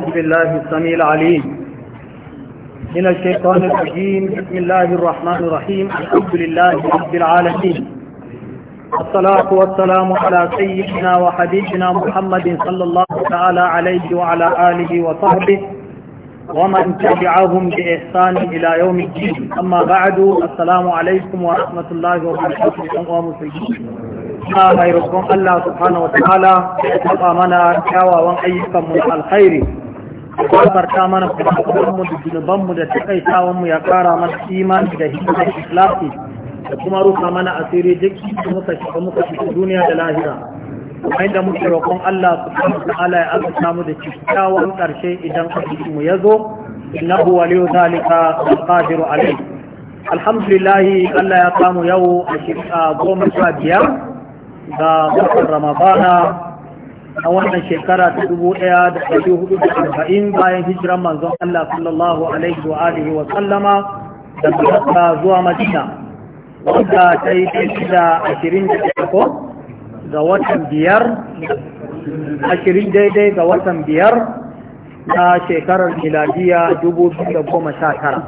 أعوذ بالله السميع العليم من الشيطان الرجيم بسم الله الرحمن الرحيم الحمد لله رب العالمين الصلاة والسلام على سيدنا وحبيبنا محمد صلى الله تعالى عليه وعلى آله وصحبه ومن تبعهم بإحسان إلى يوم الدين أما بعد السلام عليكم ورحمة الله وبركاته ومسلمين ما غيركم الله سبحانه وتعالى يتقى منا كاوى وأيكم من الخير gafarta mana kuɗaɗenmu da zunubanmu da takaitawanmu ya kara mana imani da hikimar islafi da kuma ruka mana asiri duk da muka shiga muka shiga duniya da lahira kuma inda muke roƙon Allah subhanahu wa ta'ala ya azurta mu da kyakkyawan ƙarshe idan ajin mu ya zo innahu waliyu zalika qadiru alayh alhamdulillah Allah ya samu yau a goma sha biyar ga ramadana a wannan shekara ta dubu ɗaya da ɗari hudu da arba'in bayan hijiran manzon Allah sallallahu alaihi wa alihi wa sallama da ta zuwa Madina wanda ta yi tafi da ashirin da ɗaya ga watan biyar ashirin daidai ga watan biyar na shekarar miladiya dubu biyu da goma sha tara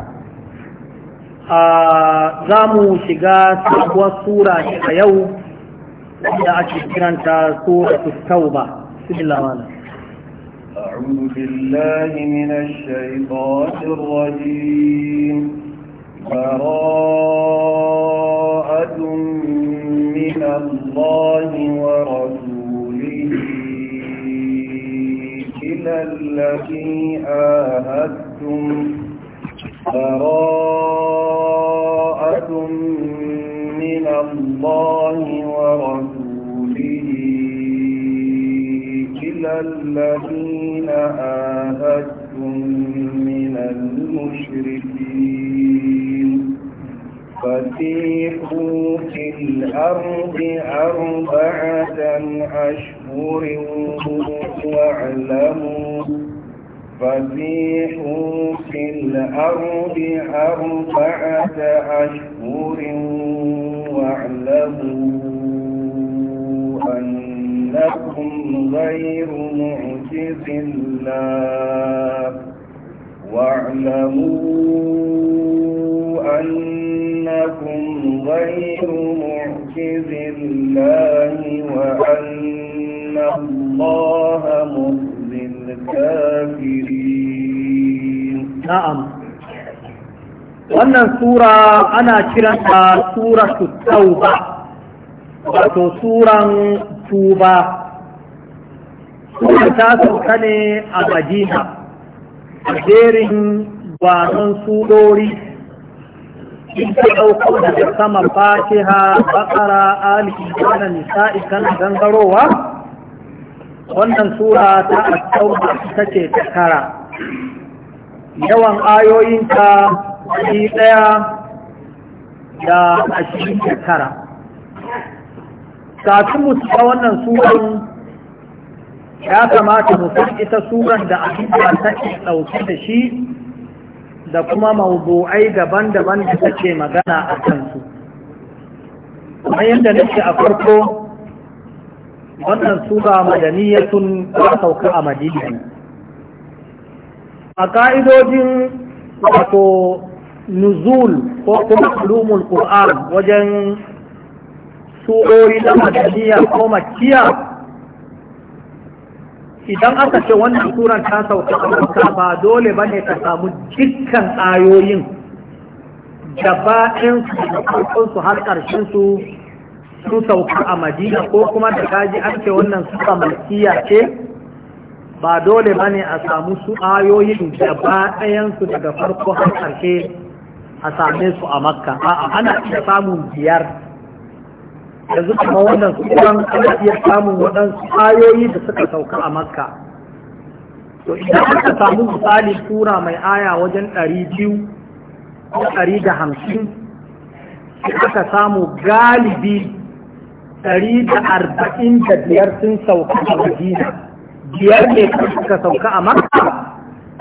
za mu shiga sabuwar sura a yau wanda ake سورة التوبة بسم الله wala أعوذ بالله من الشيطان الرجيم براءة من الله ورسوله إلى الذي آهدتم براءة من الله ورسوله إلى الذين آهدتم من المشركين فتيحوا في الأرض أربعة أشهر واعلموا فتيحوا في الأرض أربعة أشهر واعلموا أنكم غير معجز الله واعلموا أنكم غير معجز الله وأن الله مخزي الكافرين نعم wannan sura ana kiranta sura tauba wato suran tuba sura ta sauka ne a madina a jerin gwanon sudori in ɗauko daga sama fatiha bakara alifin, kana nisa'i kana gangarowa wannan sura ta a tauba ita ce ta kara yawan ayoyinta ɗari ɗaya da ashirin shekara. kafin mu wannan suran ya kamata mu san ita suran da abin da ɗauki da shi da kuma mawdu'ai daban-daban da take magana a kansu kuma yadda nake a farko wannan sura madaniyatun sun sauka a madina a ka'idojin wato nuzul ko kuma ulumul qur'an wajen surori na madaniya ko idan aka ce wannan suran ta sauka a makka ba dole ba ne ka samu dukkan ayoyin ba ɗin su har ƙarshen su su sauka a madina ko kuma da kaji an ce wannan suka malkiya ce ba dole ba ne a samu su ayoyin gaba ɗayansu daga farko har ƙarshe a same su a makka a'a ana iya samun biyar yanzu kuma wannan tsoron ana iya samun waɗansu ayoyi da suka sauka a makka to idan aka samu misali tura mai aya wajen ɗari biyu ko ɗari da hamsin sai aka samu galibi ɗari da arba'in da biyar sun sauka a madina biyar ne suka sauka a makka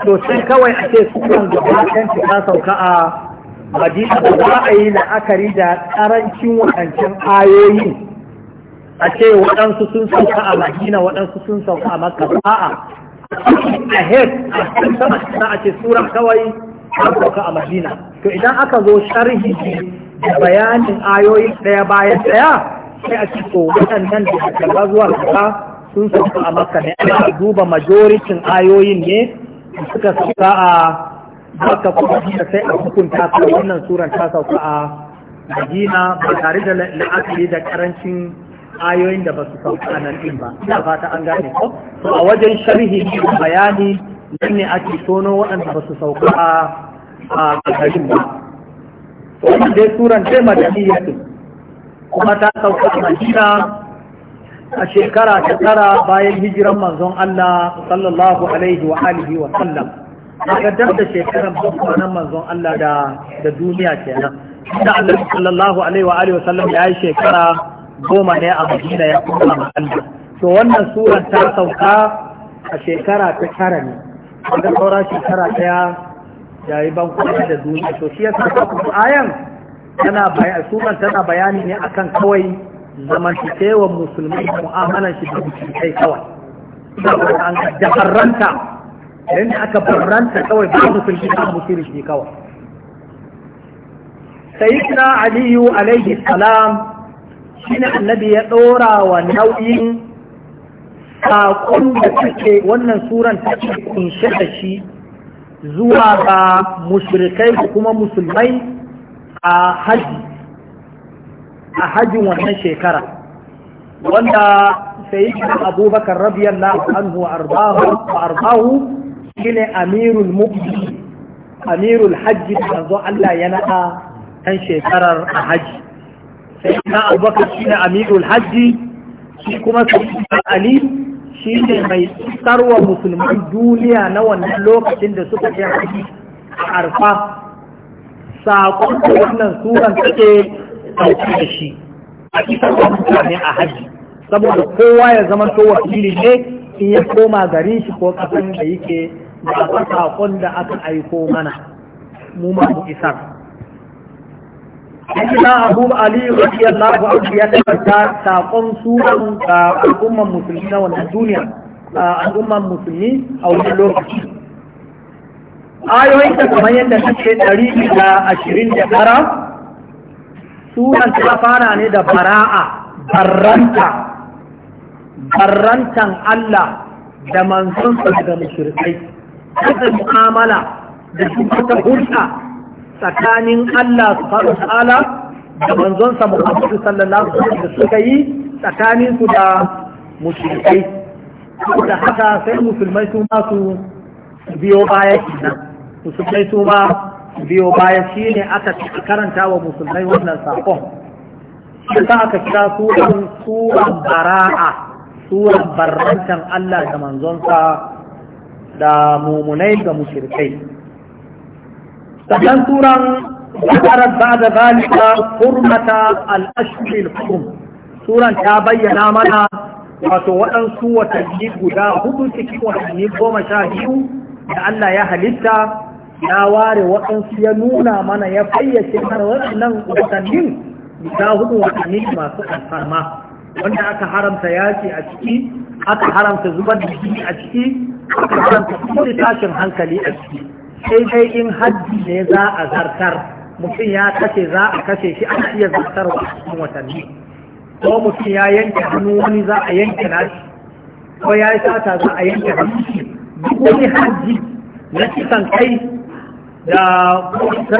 to sai kawai ake sukan gaba ta sauka a madina da za a yi la'akari da ƙarancin waɗancan ayoyin a ce waɗansu sun sauka a madina waɗansu sun sauka a makka ba a hef a ce sura kawai a sauka a madina to idan aka zo sharhi da bayanin ayoyin ɗaya bayan ɗaya sai a ce waɗannan da daga zuwa kaka sun sauka a makka ne ana duba majoritin ayoyin ne suka sauka a baka kuma da sai a hukunta ta wannan suran ta sauka a Madina ba tare da la'akari da karancin ayoyin da ba su sauka a nan din ba ina fata an gane ko to a wajen sharhi bayani nan ne ake tono waɗanda ba su sauka a garin ba wannan dai suran dai madaniya ce kuma ta sauka a Madina a shekara ta tara bayan hijiran manzon Allah sallallahu alaihi wa alihi wa sallam daga dab da shekaran bakwai nan manzon Allah da duniya kenan da Allah sallallahu alaihi wa alihi wasallam ya yi shekara goma ne a Madina ya kuma Madina to wannan suran ta sauka a shekara ta tara ne daga saura shekara ɗaya yi ban kuma da duniya to shi yasa ta kuma ayan tana bayani suran tana bayani ne akan kawai zamantakewar musulmi mu'amalan shi da kai kawai da an jaharanta idan da aka barranta kawai ba musulmi ba mushriki kawai sayyidina aliyu alaihi salam shine annabi ya ɗora wa nau'in saƙon da suke wannan suran ta ce kunshe da shi zuwa ga mushrikai da kuma musulmai a haji a hajjin wannan shekara wanda sai abubakar rabiyallahu anhu arbahu shine amirul mu'minin amirul hajji da Allah ya naɗa kan shekarar a hajji sai na abubakar shine amirul hajji shi kuma sai ali shi ne mai tsarwa musulman duniya na wannan lokacin da suka ce hajji a arfa saƙon da wannan suran take ɗauki da shi a isar da mutane a hajji saboda kowa ya zama to wakili ne in ya koma garin shi ko kasan da yake da ba saƙon da aka aiko mana mu ma mu isar Ajina Abu Ali radiyallahu anhu ya tabbata saƙon sunan ga ah, al'umman musulmi na wannan duniya ah, al'umman musulmi a wannan lokaci ayoyin da kamar yadda suke ɗari da ashirin da tara sunan ta fara ne da bara'a barranta barrantan Allah da manzon daga mushrikai kada mu'amala da wata hulɗa tsakanin Allah subhanahu ta'ala da manzonsa Muhammadu sallallahu alaihi da suka yi tsakanin su da mushrikai da haka sai musulmai su ma su biyo baya nan? musulmai su ma biyo baya shine aka karanta wa musulmai wannan sakon ta aka kira suran suran bara'a suran barrantan Allah da manzonsa da mumunai ga mushirkai sannan turan ذكرت بعد ذلك حرمة الأشهر turan ta bayyana mana wato waɗansu watanni guda hudu cikin watanni goma sha biyu da Allah ya halitta ya ware waɗansu ya nuna mana ya fayyace mana waɗannan watannin guda hudu watanni masu alfarma wanda aka haramta yaki a ciki aka haramta zubar da jini a ciki aka haramta kuma tashin hankali a ciki sai dai in haddi ne za a zartar mutum ya kashe za a kashe shi a iya zartar a cikin watanni ko mutum ya yanke hannu wani za a yanke nashi ko ya yi sata za a yanke hannu duk wani haddi na kisan kai da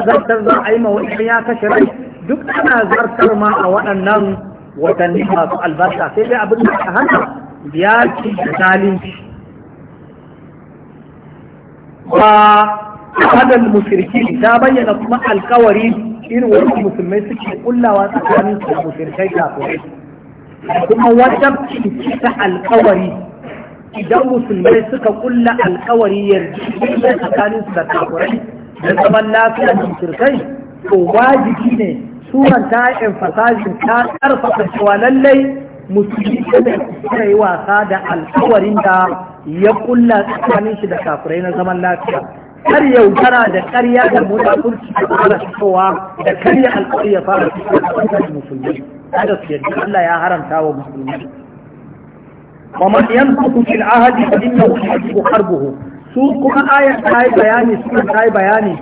zartar za a yi ma wani ya kashe rai duk ana zartar ma a waɗannan watanni masu albarka sai dai abin da aka hana biyaki da zalunci wa hadal musirki ta bayyana kuma alkawari irin wani musulmai suke kullawa tsakanin su da musirkai kafirai kuma wata ta alkawari idan musulmai suka kulla alkawari yarda tsakanin su da kafirai da zaman lafiyar musirkai to wajibi ne suran ta emphasizing ta karfafa cewa lallai musulmi kada yi wasa da alkawarin da ya kulla tsakanin shi da kafirai na zaman lafiya har yaudara da ƙarya da munafurci da fara fitowa da karya alkawari ya fara fitowa da musulmi kada su yadda Allah ya haramta wa musulmi ومن ينفق في العهد فإنه يجب حربه su kuma ayar ta yi bayani su ta yi bayani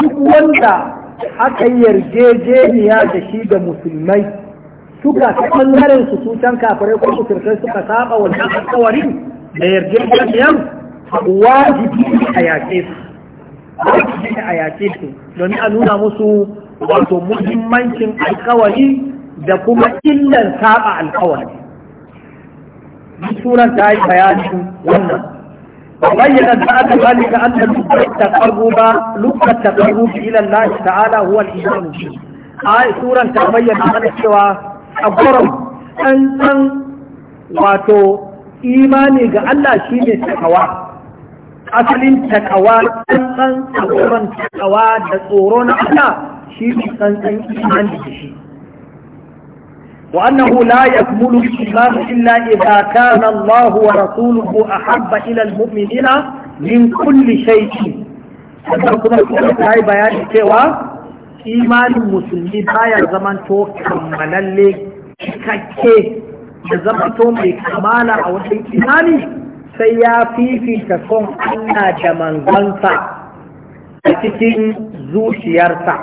duk wanda aka yarjejeniya da shi da musulmai suka ta ɓangaren su tutan kafirai ko su kirkai suka saba wannan alkawarin da yarjejeniyar wajibi ne a yaƙe su wajibi ne a yaƙe su domin a nuna musu wato muhimmancin alkawari da kuma illan saba alkawari sunan ta yi bayanin wannan وبين بعد ذلك أن التقرب لقى التقرب إلى الله تعالى هو الإيمان به آية سورة تبين أن السوى takabbaran tsantsan wato imani ga Allah shi ne takawa asalin takawa tsantsan tsoron takawa da tsoro na Allah shi ne tsantsan imani da shi وأنه لا يكمل الإيمان إلا إذا كان الله ورسوله أحب إلى المؤمنين من كل شيء sannan kuma ta yi bayani cewa imanin musulmi baya zaman to kammalalle cikakke da zamanto mai kamala a wajen imani sai ya fifita son Allah da manzansa a cikin zuciyarsa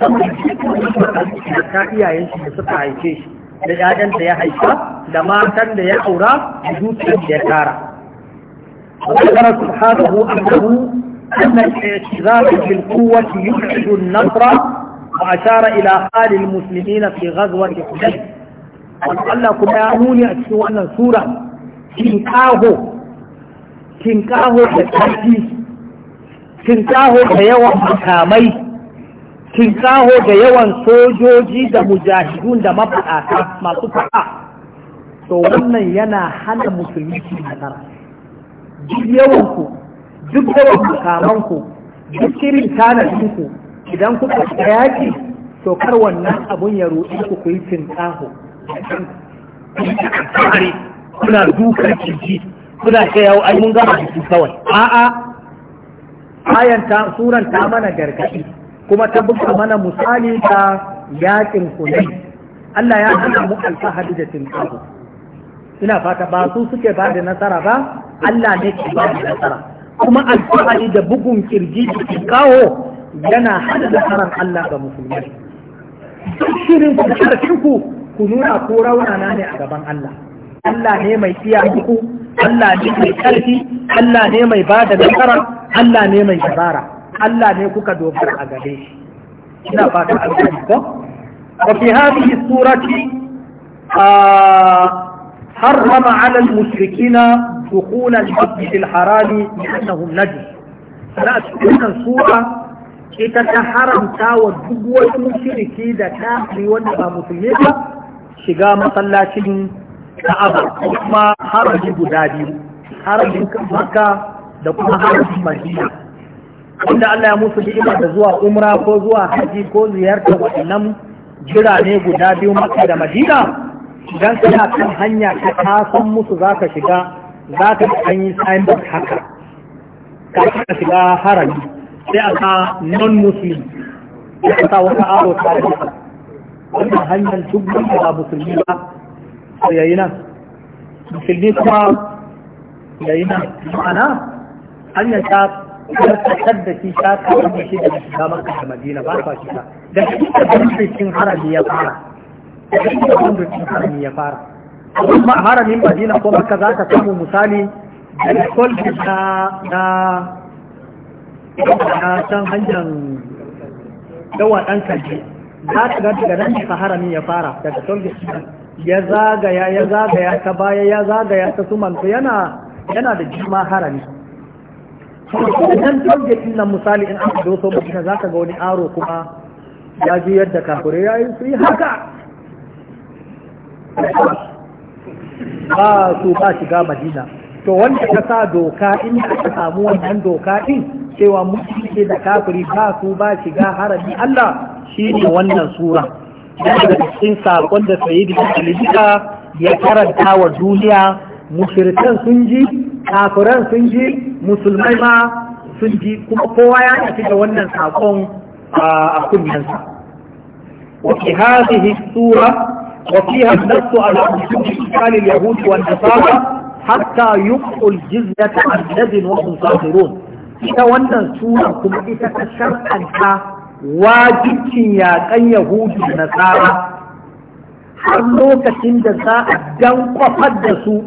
saboda cikin ta iyayen shi da suka haife shi da ƴaƴan da ya haifa da matan da ya aura da zuciyar da ya tara وذكر سبحانه أنه أن الاعتزاز بالقوة يبعد النصر وأشار إلى حال المسلمين في غزوة حديث والله كما يعنوني أتشو أن سورة تنكاهو تنكاهو تتحدي تنكاهو تيوى مكامي تنكاهو تيوى سوجوجي دا مجاهدون دا مبعاتا ما تفعا تو wannan yana hana musulmi ci nasara جيوانكو جيوانكو جيوانكو جيوانكو makamanku idan kuka shiga yaƙi to kar wannan abun ya ruɗe ku ku yi tinƙaho kuna dukar kirji kuna ce yau ai mun gama jiki kawai a'a ayan ta suran ta mana gargaɗi kuma ta buga mana misali ta yaƙin kuɗi. Allah ya hana mu alfahari da tinƙaho ina fata ba su suke ba da nasara ba Allah ne ke ba da nasara kuma alfahari da bugun kirji da tinƙaho yana hada haram Allah ga musulmai shirin ku da ku ku nuna ko raunana ne a gaban Allah Allah ne mai iya ku. Allah ne mai ƙarfi Allah ne mai ba da nasara Allah ne mai dabara Allah ne kuka dogara a gare shi ina fata an gani ko wa fi hadhihi surati harrama 'ala al-mushrikeena dukhul al-masjid al-haram li'annahum najis sana cikin sura ita ta haramta wa duk wasu shiriki da kafiri wanda ba musulmi ba shiga masallacin Ka'aba kuma haraji guda biyu harajin Makka da kuma harajin Madina wanda Allah ya musu ni'ima da zuwa umra ko zuwa haji ko ziyartar waɗannan birane guda biyu maka da Madina idan kana kan hanya ka san musu za ka shiga za ka yi sign haka ka shiga harami sai a sa non-muslim ya sa wata aro ta jihar wannan hanyar duk wanda ba musulmi ba a yayi nan musulmi kuma yayi nan ma'ana hanyar ta karkatar da shi ta kawar da shi da shiga maka da madina ba sa shiga da shi da bandakin harami ya fara da shi da bandakin harami ya fara amma haramin madina ko maka za ka samu misali da kolbi na na san hanyar dawa ɗan kaji za ta ga daga nan ka harami ya fara daga tolge ya zagaya ya zagaya ta baya ya zagaya ta suman to yana yana da jima harami nan tolge ɗin nan misali in aka doso mutum za ka ga wani aro kuma ya ji yadda kakure ya yi su yi haka ba su ba shiga madina to wanda ka sa doka in ka samu wannan doka din cewa musulmi da kafiri ba su ba shiga harabi Allah ne wannan sura daga cikin sakon da da alidika ya karanta wa duniya mushrikan sun ji kafiran sun ji musulmai ma sun ji kuma kowa ya tafi da wannan sakon a kunnensa وفي هذه السورة وفيها النص على وجود إشكال اليهود والنصارى hatta yuqul jizyata an yadin wa hum kafirun ita wannan sura kuma ita ta shar'anta wajibcin yaƙan yahudu da nasara har lokacin da za'a dan kwafar da su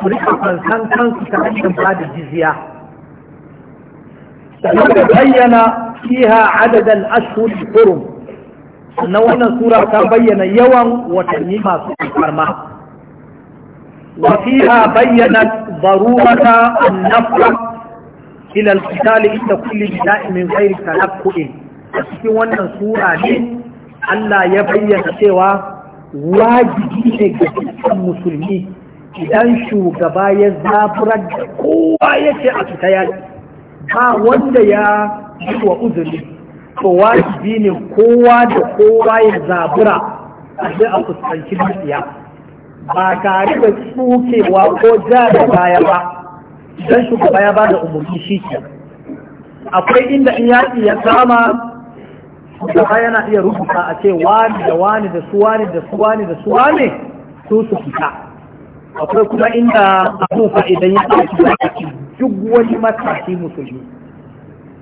su rika fansan ta hanyar ba da jizya sannan da bayyana fiha adadin ashhur hurum sannan wannan sura ta bayyana yawan watanni masu alfarma وفيها بينت ضرورة النفر إلى القتال عند كل بناء من غير تلقئ في wannan sura ne Allah ya bayyana cewa wajibi ne ga dukkan musulmi idan shugaba ya zaburar da kowa ya a fita yaki ba wanda ya yi wa uzuri to wajibi ne kowa da kowa ya zabura aje a fuskanci matsiya ba tare da tsukewa ko ja da baya ba don shugaba ya ba da umarni shi ke akwai inda in ya ya kama shugaba yana iya rubuta a ce wani da wani da su wani da su wani da su wani su su fita akwai kuma inda abubuwa idan ya ɗauki duk wani matashi musulmi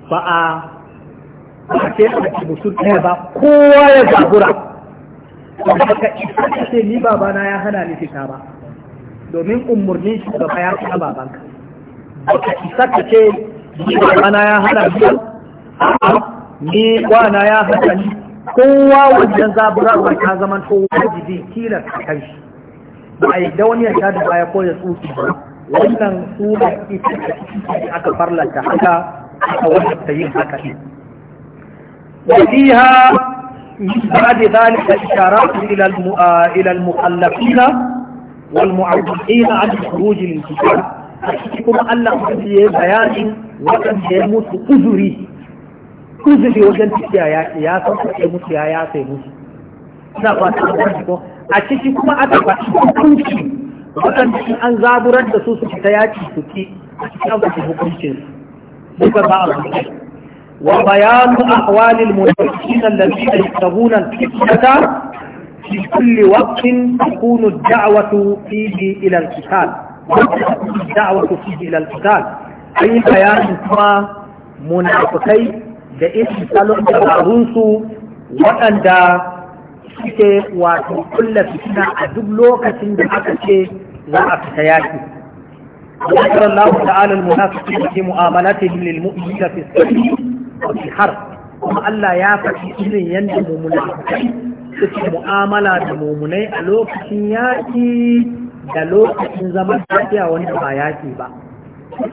ba a ba a ce musulmi ba kowa ya zagura baka isa ce ni babana ya hana ni fita ba domin umarni shi gaba ya fi babanka baka isa ka ce ni babana ya hana ni ni kwana ya hana ni kowa wajen zaburarwa ta zaman to wajibi kila ka kai shi ba a yadda wani ya sha da baya ko ya tsuki ba wannan sura ita ce aka farlanta haka aka wajabta yin haka ne. Wasiha من بعد ذلك إشارات إلى إلى المخلفين والمعوضين عن الخروج للكتاب kuma Allah ya bayanin waɗanda ya mutu uzuri wajen tafiya ya san kwaɗe mutu ya ina fata a ko a ciki kuma aka faɗi hukunci waɗanda an zaburar da su su fita yaƙi su ki a cikin abu hukuncin su ba a hukunci وبيان أحوال المنافقين الذين يبتغون الفتنة في كل وقت تكون الدعوة فيه إلى القتال الدعوة فيه إلى القتال أي بيان كما منافقين da irin salon dabarunsu waɗanda suke wato kulla fitina a duk lokacin da aka ce za a fita yaki. Wadda Allah ta'ala al-munafiqin fi mu'amalati lil mu'minina fi sirri har kuma Allah ya faɗi irin yadda su, suke mu'amala da mummunai a lokacin yaƙi da lokacin zaman lafiya wanda ba yaƙi ba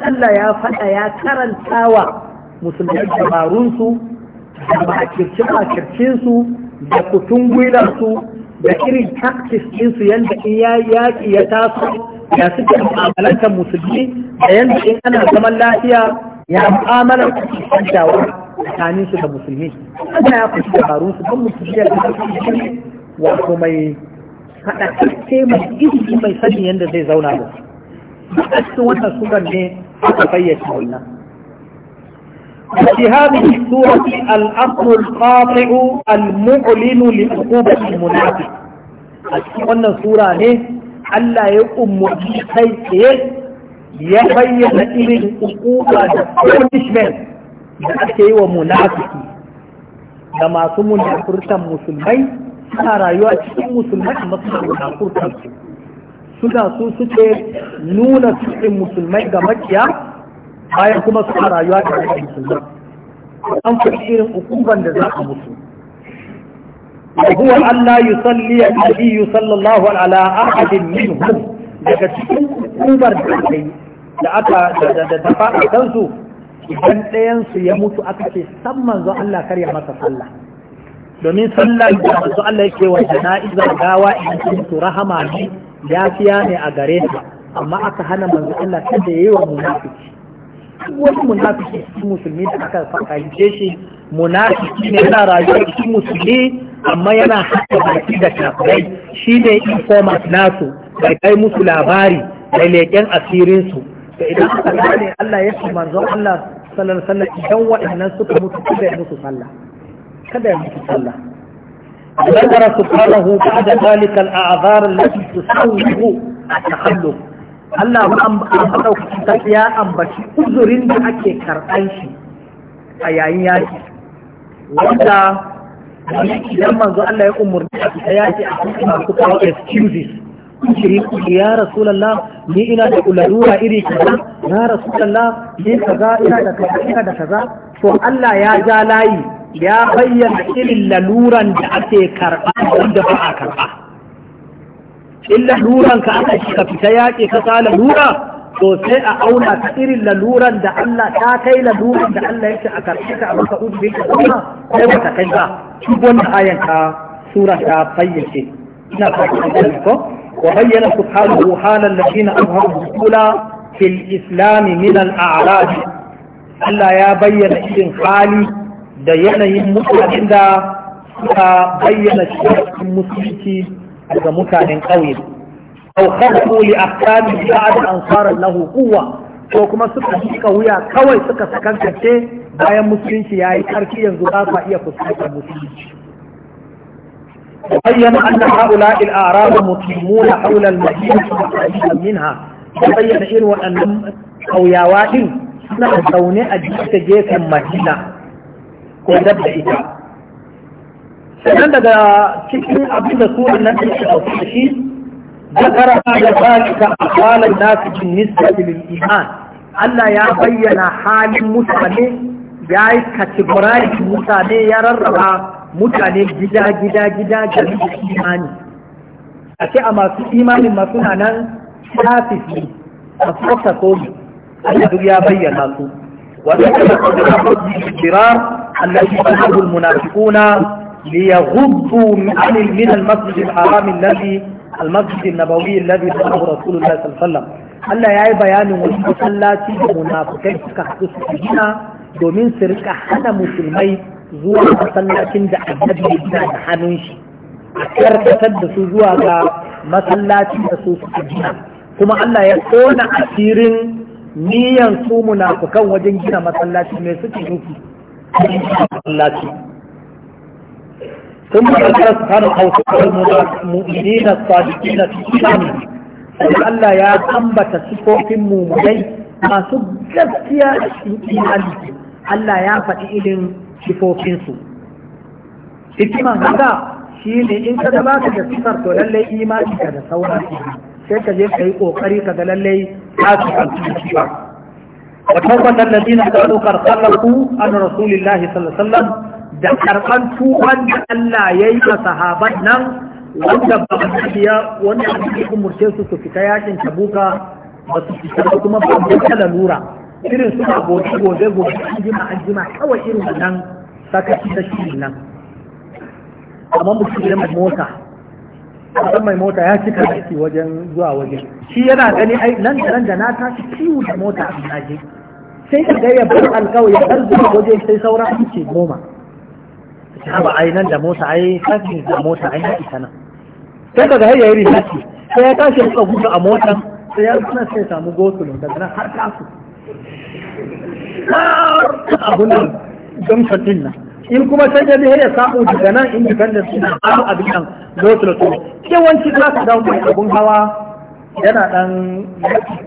Allah ya faɗa ya wa musulmai dabarunsu da makirce-makircinsu da kutun gwilarsu da irin taktis ɗinsu yadda in yaƙi ya taso ya suke mu'amalantar musulmi da yadda in ana zaman lafiya ya mu'amalar da ke kwantawa tsakanin su da musulmi ana ya kusa dabarun su don musulmi ya kasance wato mai haɗa kake mai izini mai sani yadda zai zauna da su a cikin wannan suran ne aka fayyace wannan في السورة الأصل القاطع المعلن لعقوبة المنافق a cikin wannan sura ne Allah ya umarci kai ya bayyana irin ukuwa da punishment da ake yi wa munafiki da masu munafurtan musulmai suna rayuwa cikin musulmai amma suna munafurtan su suna su suke nuna cikin musulmai ga makiya bayan kuma suna rayuwa da da musulmai an fi irin ukuban da za a musu وهو أن لا يصلي النبي صلى الله على أحد منهم daga cikin kubar da kai da aka da ta faɗa kansu idan ɗayansu ya mutu aka ce san manzo Allah karya masa sallah domin sallah da manzo Allah yake wa jana'iza gawa idan sun mutu rahama ne yafiya ne a gare ta amma aka hana manzo Allah kada yayi wa munafiki wani munafiki cikin musulmi da aka fahimce shi munafiki ne yana rayuwa cikin musulmi amma yana haɗa baki da kafirai shi ne informat nasu bai kai musu labari bai leƙen asirinsu to idan aka gane Allah ya ce manzon Allah sallallahu alaihi idan waɗannan suka mutu kada ya musu sallah kada ya mutu sallah ذكر سبحانه بعد ذلك الأعذار التي تسوغ التخلف Allah maɗaukaci ya ambaci uzurin da ake karɓan shi a yayin yaki wanda idan manzo Allah ya umarni a fita yaki a cikin kushiri ya rasulallah ni ina da kulalura iri kaza ya rasulallah ni kaza ina da kaza ina da kaza to Allah ya ja layi ya bayyana irin laluran da ake karɓa wanda ba a karɓa in laluran ka aka shi ka fita yaƙi ka sa lalura to sai a auna ta irin laluran da Allah ta kai laluran da Allah yake a karɓe ka a baka ubi ka kuma sai ba ta kai ba shi wannan ayan ka sura ta fayyace ina fata ko وبين سبحانه حال الذين أظهروا fil في الإسلام من الأعراض Allah ya bayyana irin hali da yanayin mutanen da suka bayyana cikin musulunci daga mutanen ƙauye. Au kharfu li ahkami ba'da an fara lahu quwwa ko kuma suka shika wuya kawai suka sakantace bayan musulunci yayi karfi yanzu ba iya fuskantar musulunci. وبين أن هؤلاء الأعراب مقيمون حول المدينة وقريبا منها وبين إن وأن قوياوات suna zaune a jika gefen madina ko dab da ita sannan daga cikin abin da su nan da shi dauki da nasu bin iman Allah ya bayyana halin mutane ya yi kategorari mutane ya rarraba mutane gida gida gida game da imani a ce a masu imanin masu na nan shafifi a tsoka somi Allah duk ya bayyana su wanda ta da kuma jirar Allah shi ta hajjul munafiquna ليغضوا عن من المسجد الحرام الذي المسجد النبوي الذي بناه رسول الله صلى الله عليه وسلم Allah ya yi bayanin wani masallaci da munafukai suka haɗu su gina domin su rika hana musulmai zuwa masallacin da annabi ya gina da hannun shi a karkatar da su zuwa ga masallacin da su suka gina kuma Allah ya kona asirin niyan su munafukan wajen gina masallaci mai suke nufi masallaci ثم ذكر سبحانه أوصاف المؤمنين الصادقين في إيمانهم لعل يا أنبت صفوف مؤمنين masu gaskiya a cikin imani Allah ya faɗi irin sifofinsu hikiman haka shi ne in ka ba ka da sifar to lallai imani ka da sauran sai ka je ka yi kokari ka ga lallai ka su kanci da sifar wa tabbatar da dina da alukar sallaku an rasulillahi sallallahu alaihi wasallam da karban tuban da Allah ya yi ga sahaban nan wanda ba a tafiya wanda a cikin su su fita yakin tabuka ba su fita kuma ba su fita lalura irin suna gobe gobe gobe an jima an jima kawai irin saka shi ta shi nan amma mu cikin mai mota amma mai mota ya cika shi wajen zuwa waje shi yana gani ai nan da nan da na tashi ciwo da mota a naje sai ka ga ya bar alƙawari har zuwa waje sai saura ce goma ba ai nan da mota ai kafin da mota ai na isa nan sai daga ga har yayi rishi sai ya tashi suka gudu a motan sai ya suna sai samu gosulun daga nan har kasu har abun nan gamsa din nan in kuma sai da ya samu daga nan independent din har abin nan lotul to yawanci za ka dawo mai abun hawa yana dan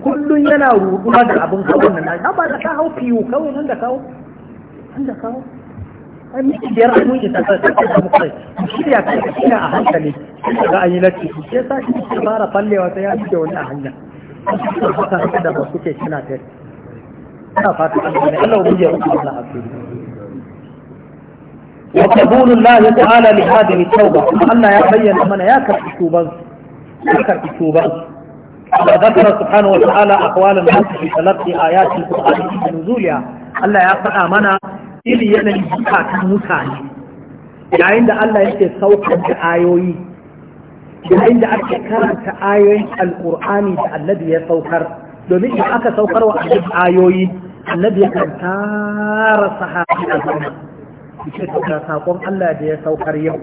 kullun yana ruɗuwa da abun hawan nan ba da ka hau fiyu kawai nan da kawo nan da kawo ai miki biyar mun isa ta ta da mukai shirya ka shirya a hankali sai ga ayi na lati sai sa ki fara fallewa sai ya fice wani a hanya haka da ba suke suna tare ina fata Allah Allah ubi ya rubuta wannan asiri wa qabulu Allah ta'ala li hadhihi tauba Allah ya bayyana mana ya karbi tuban ya karbi tuban ذكر سبحانه وتعالى أقوال الناس في تلقي آيات القرآن في نزولها Allah ya faɗa mana iri yanayin bukatun mutane yayin da Allah yake saukar da ayoyi yayin da ake karanta ayoyin al alkur'ani da annabi ya saukar domin da aka saukar wa annabi ayoyi annabi ya kan tara sahabi a zama ce ta sakon Allah da ya saukar yau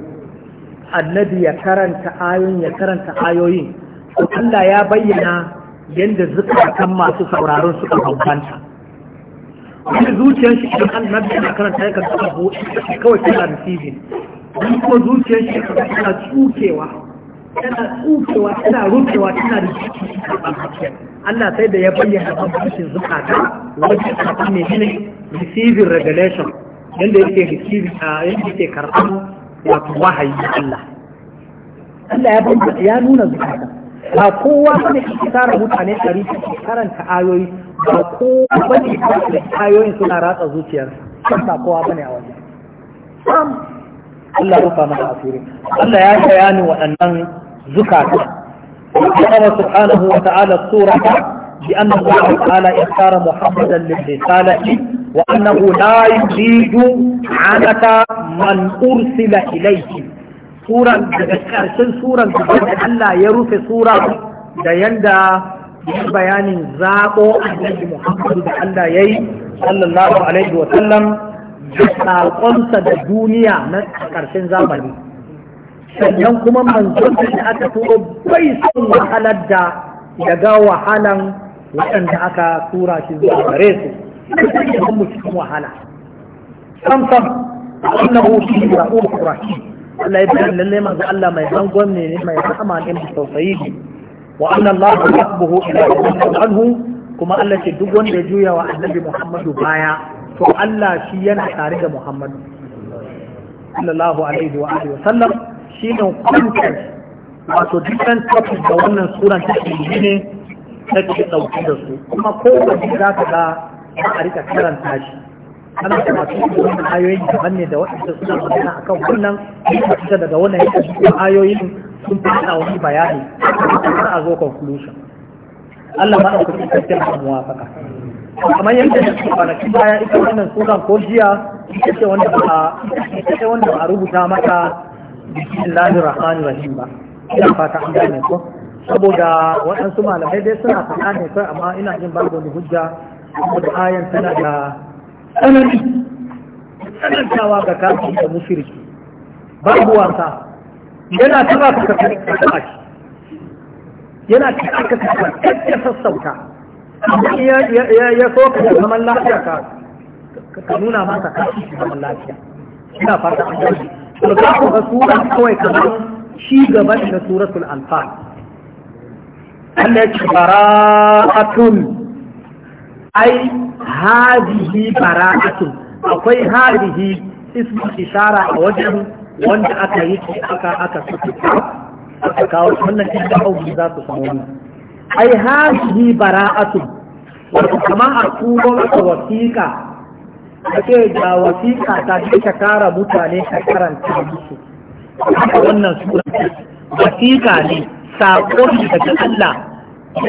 annabi ya karanta ayoyin ya karanta ayoyin to Allah ya bayyana yadda zukatan masu sauraron suka bambanta wani zuciyar shi idan annabi ya karanta yakan suka buɗe kawai tana receiving wani kuma zuciyar shi yana tsukewa tana tsukewa tana rufewa tana da Allah sai da ya bayyana a cikin zukata wajen karɓar mai ne receiving revelation yadda yake receive a yadda yake karɓar wato wahayi Allah Allah ya bayyana ya nuna zukata ba kowa bane ke tsara mutane ɗari ke karanta ayoyi ba kowa bane ke ayoyin suna ratsa zuciyarsa ba kowa bane a wajen Allah ya rufa maka asiri Allah ya bayani waɗannan zukata Allah subhanahu wa ta'ala surata bi anna Allah ta'ala ikhtara Muhammadan lil risalati wa annahu la yuzidu anata man ursila ilayhi suran daga karshen suran da Allah ya rufe sura da yanda bayanin zabo annabi Muhammadu da Allah yayi sallallahu alaihi wa sallam da saƙonsa da duniya na ƙarshen zamani sannan kuma manzon da aka tura bai son wahalar da ya ga wahalan waɗanda aka tura shi zuwa gare su sun mu cikin wahala sam sam annahu fi ra'uf rahim Allah ya bayyana lalle manzo Allah mai zangon ne mai rahama ne mai tausayi ne wa anna Allah yahbuhu ila anhu kuma Allah ce duk wanda ya juya wa annabi Muhammadu baya to Allah shi yana tare da Muhammadu sallallahu alaihi wa alihi wasallam shi ne content wato different topic da wannan suran ta shi ne ta ke dauke da su kuma ko kowanne za ka ga a rika karanta shi ana da masu wannan ayoyin daban ne da waɗanda suna magana akan wannan fita daga wannan yadda ayoyin sun fada wani bayani har a zo conclusion Allah ma da kuɗi kafin muwafaka kamar yadda da ke kwanaki baya ita wannan sukan ko jiya ita ce wanda ba ita wanda ba rubuta mata bismillahir rahmanir rahim ba ina fata an gane ko saboda waɗansu malamai dai suna faɗa ne kai amma ina jin babu wani hujja saboda ayan tana da tsanani tsanantawa ga kafin da mushriki babu wasa yana taba ka kafa yana taba ka kafa kakkasa sassauta. ya so ka zaman lafiya ka ka nuna masa ka shi zaman lafiya ina fata an gani to ka ku sura kawai kamar shi gaba da suratul anfal Allah ya bara'atun ai hadihi bara'atun akwai hadihi ismu ishara a wajen wanda aka yi aka aka suka aka kawo wannan inda auri za su samu wannan ai hazihi bara'atu wato kama a turo maka wasiƙa ake ga wasiƙa ta ce shakara mutane shakaran karanta musu a wannan sura wasiƙa ne saƙo daga Allah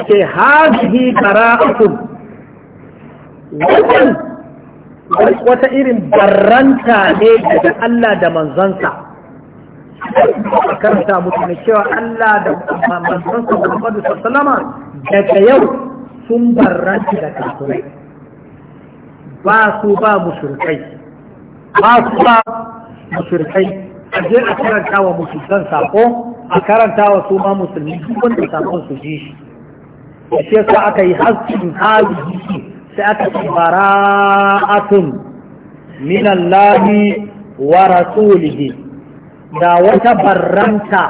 ce hazihi bara'atu wannan wata irin barranta ne daga Allah da manzansa a karanta mutane cewa Allah da manzansa Muhammadu Salama, daga yau sun barranci da kafirai ba su ba musulmai. ba su ba musulmai a je a karanta wa musulman sako a karanta wa su ma musulmi duk wanda sakon su ji shi da shi yasa aka yi haskin hali jiki sai aka ce bara'atun min Allah wa rasulihi ga wata barranta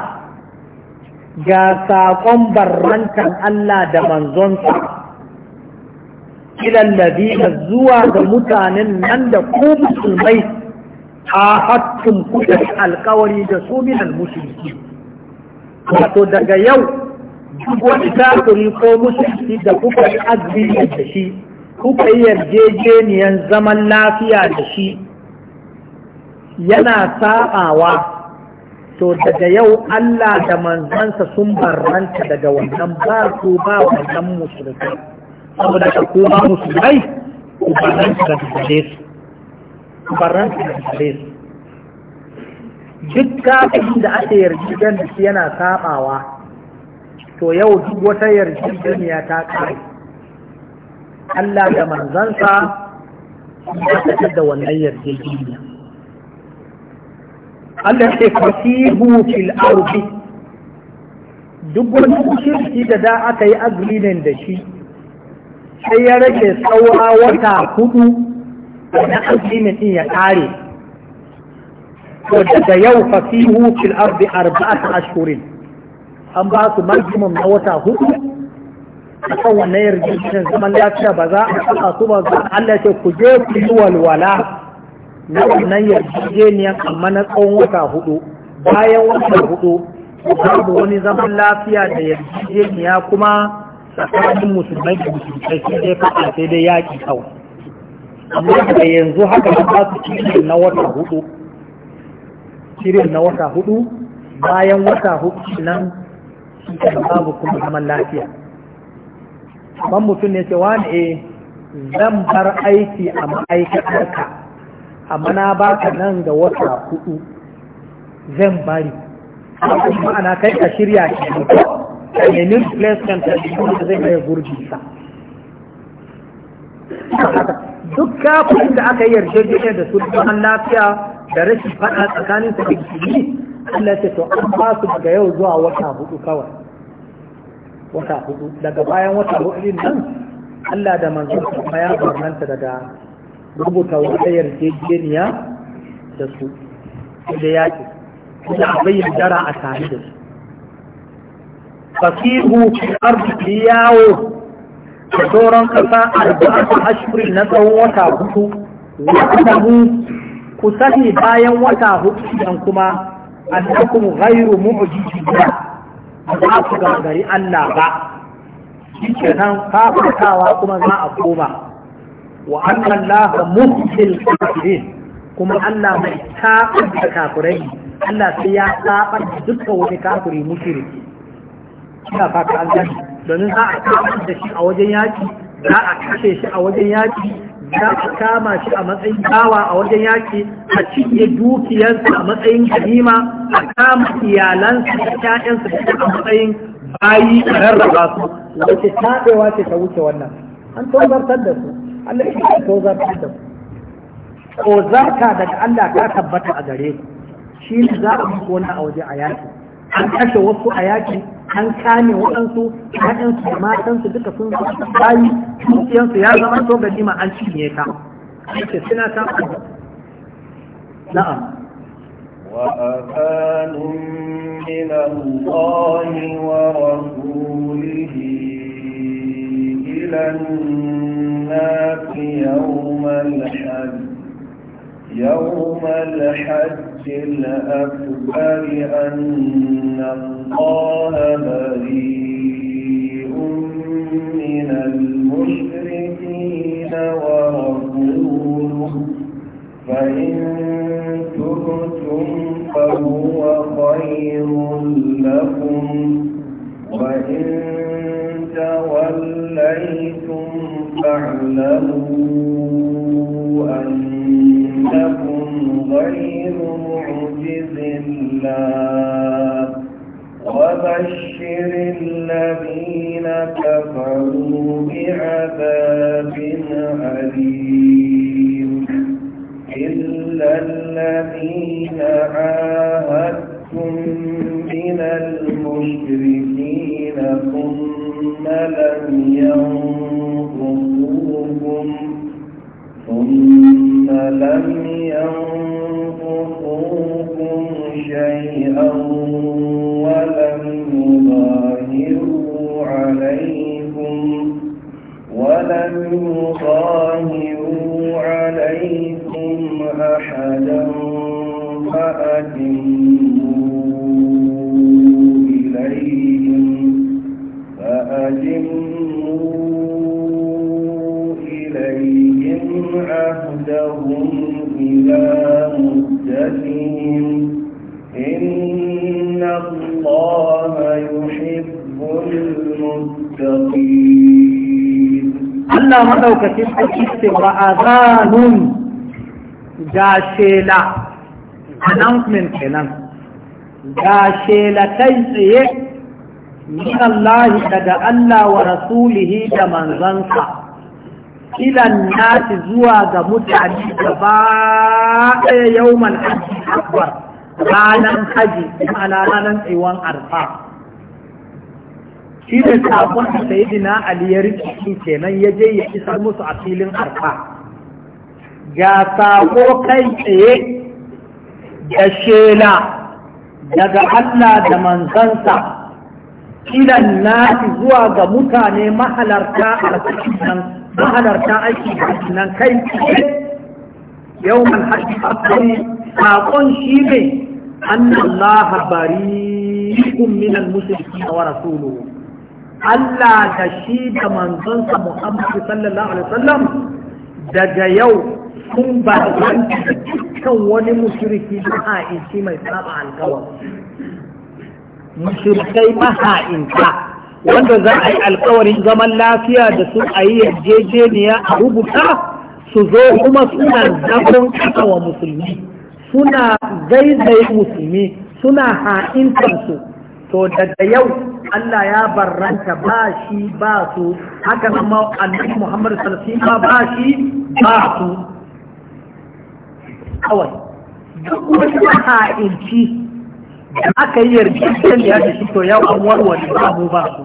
ga saƙon barrantan Allah da manzonsa ilan labina zuwa ga mutanen nan da ku musulmai a hattun kuɗin alkawari da su minan musulmi wato daga yau duk wani kafiri ko musulmi da kuka yi azumi da shi kuka yi yarjejeniyan zaman lafiya da shi yana saɓawa to daga yau Allah da manzansa sun barranta daga wannan ba su ba wannan musulmai saboda ka ku ba musulmai ku barranta daga gare su ku barranta daga gare su duk kafin da ake yarjejen da yana sabawa to yau duk wata ya ta kare Allah da manzansa sun da wannan yarjejeniya Allah ce fasihu fil ardi duk wani shirki da da aka yi agreement da shi sai ya rage tsawa wata hudu a agreement din ya kare to daga yau fasihu fil ardi arba'at ashhurin an ba su maximum na wata hudu a kan wannan yarjejeniyar zaman lafiya ba za a saka su ba Allah ce ku je ku yi walwala na wannan yarjejeniyar amma na tsawon wata hudu bayan wata hudu babu wani zaman lafiya da yarjejeniya kuma tsakanin musulmai da musulmai sai dai faɗa sai dai yaƙi kawai amma da yanzu haka da ba su na wata hudu shirin na wata hudu bayan wata hudu nan shirin babu kuma zaman lafiya ban mutum ne ce wani e eh, zan bar aiki a ma'aikatarka amma na ba ka nan ga wata hudu zan bari ma'ana kai ka shirya shi ka nemi replacement da shi zai mai gurbi sa duk kafin da aka yi yarjejeniya da su an lafiya da rashin faɗa tsakanin su da shi Allah ce to an ba su daga yau zuwa wata hudu kawai wata hudu daga bayan wata hudu nan Allah da manzo ya barnanta daga rubuta wata jejeniya da su da ya ce da abai yardara a tare da su fasihu arziki yawo da sauran ƙasa arba'a ashirin na tsawon wata hutu wata mu ku sani bayan wata hutu idan kuma annakum ghayru mu'jizin ba za ku gari Allah ba shi kenan fafatawa kuma za a koma wa anna allaha muhsil kafirin kuma Allah mai tafar da kafirai Allah sai ya tafar da duka wani kafiri mushiri ina fata an gani domin za a tabar da shi a wajen yaki za a kashe shi a wajen yaki za a kama shi a matsayin bawa a wajen yaki a cinye dukiyarsa a matsayin ganima a kama iyalansa da ƴaƴansa a matsayin bayi a rarraba su wace tabewa ce ta wuce wannan an tabbatar da su Allah ya ko zarta da ku ko zarta daga Allah ta tabbata a gare ku shi ne za a muku wani a waje a yaki an kashe wasu a yaki an kame waɗansu ƴaƴansu da matansu duka sun zama bayi dukiyansu ya zama to ganima an cinye ta ake suna ta na'am وأذان من الله ورسوله إلى الناس الناس يوم الحج يوم الحج الأكبر أن الله بريء من المشركين ورسوله فإن تبتم فهو خير لكم وإن توليتم فاعلموا أنكم غير معجز الله وبشر الذين كفروا بعذاب أليم إلا الذين عاهدوا من المشركين ثم لم ينقصوكم ثم لم ينقصوكم شيئا ولم يظاهروا عليكم ولم يظاهروا عليكم أحدا فأتموا وأتموا إليهم عهدهم إلى مدتهم إن الله يحب المتقين الله مدوك تشكيك وأذان جاشيلا announcement kenan ga shela kai tsaye min Allah daga Allah wa rasulihi da manzansa ilan nasi zuwa ga mutane da ba ɗaya yawman hajji akbar ranar haji ma'ana ranar tsayuwan arfa shi da sakon da sayidina ali ya rikici kenan ya je ya isar musu a filin arfa ga sako kai tsaye da shela daga Allah da manzansa ilan nasi zuwa ga mutane mahalarta a nan mahalarta aiki a nan kai yau man haɗi akwai saƙon shi ne an Allah bari minan musulki wa rasulu Allah da shi da manzonsa Muhammadu sallallahu alaihi wasallam daga yau sun ba da dukkan wani musulki na ha'inci mai saba alkawar mushrikai maha'inta wanda za a yi alkawarin zaman lafiya da su a yi yarjejeniya a rubuta su zo kuma suna zafin kasa wa musulmi suna zaizaye musulmi suna ha'intarsu to daga yau Allah ya barranta ba shi ba su haka kuma annabi Muhammad sallallahu alaihi ba shi ba su kawai duk wani ha'inci da aka yi kan da shi to yau an warware ba mu ba su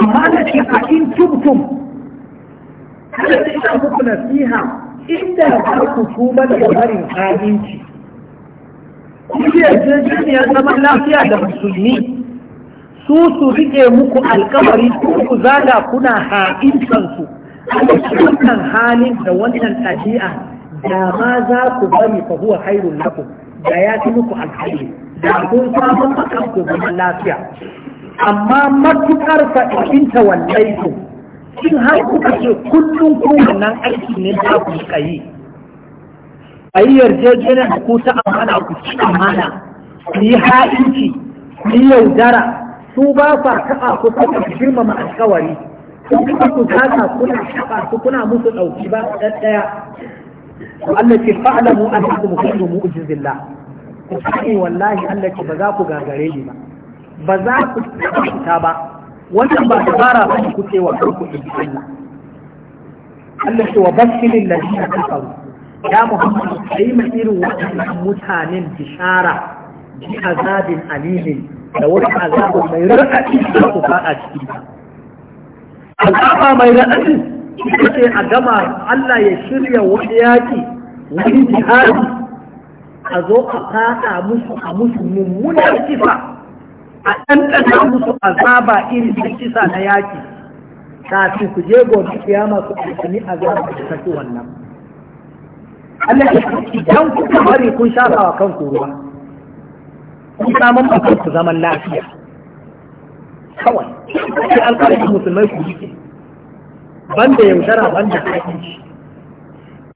amma da shi a in tubtum kada da ina muku nasiha inda za ku kuma da barin aminci shi yarjejeniya zaman lafiya da musulmi su su rike muku alkawari ku zaga kuna ha'intansu a cikin halin da wannan tafiya, da ma za ku bari fa huwa khairun lakum da ya fi muku alhali da kun samu a kanku lafiya amma matukar wallai ku in har kuka ce kullum ku wannan aiki ne da ku kayi ayi yarjejeniya da ku ta amana ku ci amana ni yi ha'inci ni yaudara su ba fa taɓa ku girma ma alkawari su kuma ku zaka kuna taɓa su kuna musu ɗauki ba ɗaya Allah ce fa'alamu annakum mu'jizillah ku sani wallahi Allah ce ba za ku gagare ni ba ba za ku fita ba wannan ba dabara ba ku ce wa kanku in Allah Allah ce wa bashiril ladina kafaru ya Muhammadu ayi ma irin wannan mutanen bishara bi azabin alimin da wani azabu mai raɗaɗi da ku faɗa ciki azaba mai raɗaɗi ita ce a gama Allah ya shirya wani yaƙi wani jihadi a zo a fasa musu a musu mummunar kisa a ɗanɗana musu azaba irin da kisa na yaƙi kafin ku je gobe masu su a azaba da kasu wannan Allah ya idan ka bari kun shafa wa kanku ruwa kun samun bakon ku zaman lafiya kawai sai alƙalin musulmai ku yi banda yaudara banda haƙi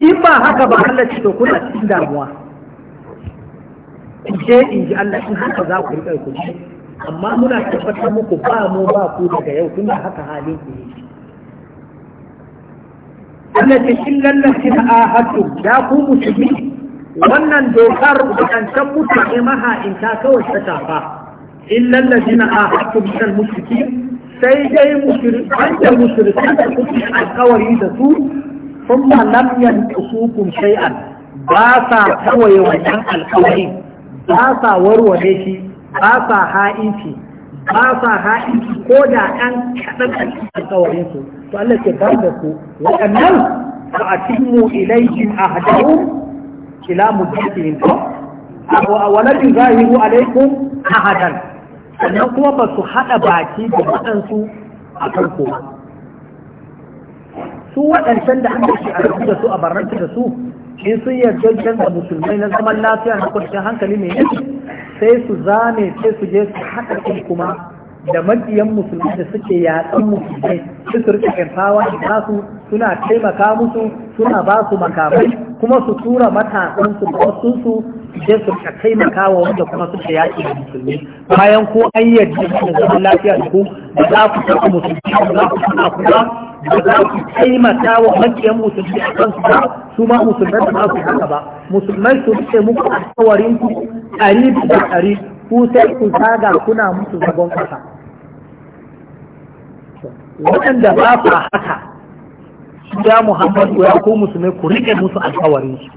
in ba haka ba Allah ce to kuna cikin damuwa ke je in ji Allah in haka za ku riƙa ku amma muna tabbatar muku ba mu ba ku daga yau tunda haka halin ku ne Allah ta shi a na ahadu ya ku musulmi wannan dokar wadancan mutane maha in ta kawai ta tafa illal ladina ahadu min al mushrikin sai dai mushrikan da mushrikan da kuke alkawari da su kuma lam yanqusukum shay'an ba sa kawai wannan alƙawarin. ba sa warware shi ba sa ha'inci ba sa ha'inci ko da an kaɗan a cikin alkawarin su to Allah ke ba da ku waɗannan ba a cimu ilaikin a hadahu ila mu mujahidin ko a waladin zahiru alaikum a hadan sannan kuma ba su haɗa baki da waɗansu a farko ba su waɗancan da an da shi a rubuta su a barnanta da su in sun yarda da musulmai na zaman lafiya na kwanciyar hankali mai sai su zame sai su je su haɗa kuma da maƙiyan musulmi da suke yaƙan musulmi, su su rika irfawa da su suna taimaka musu suna ba su makamai kuma su tura matasan su da wasu su je su rika taimaka wa wanda kuma suke yaƙi da musulmi bayan ko an yarda da zaman lafiya da ku da za ku taɓa musulmi da za ku taɓa kuma da za ku taimaka wa maƙiyan musulmi a kansu ba su ma musulmai da za su haka ba musulmai su rike muku a tsawarin ku ɗari da ɗari ku sai ku zaga kuna musu zagon ƙasa waɗanda ba su haka ya muhammadu ya ko musulmai ku rike musu alkawarin su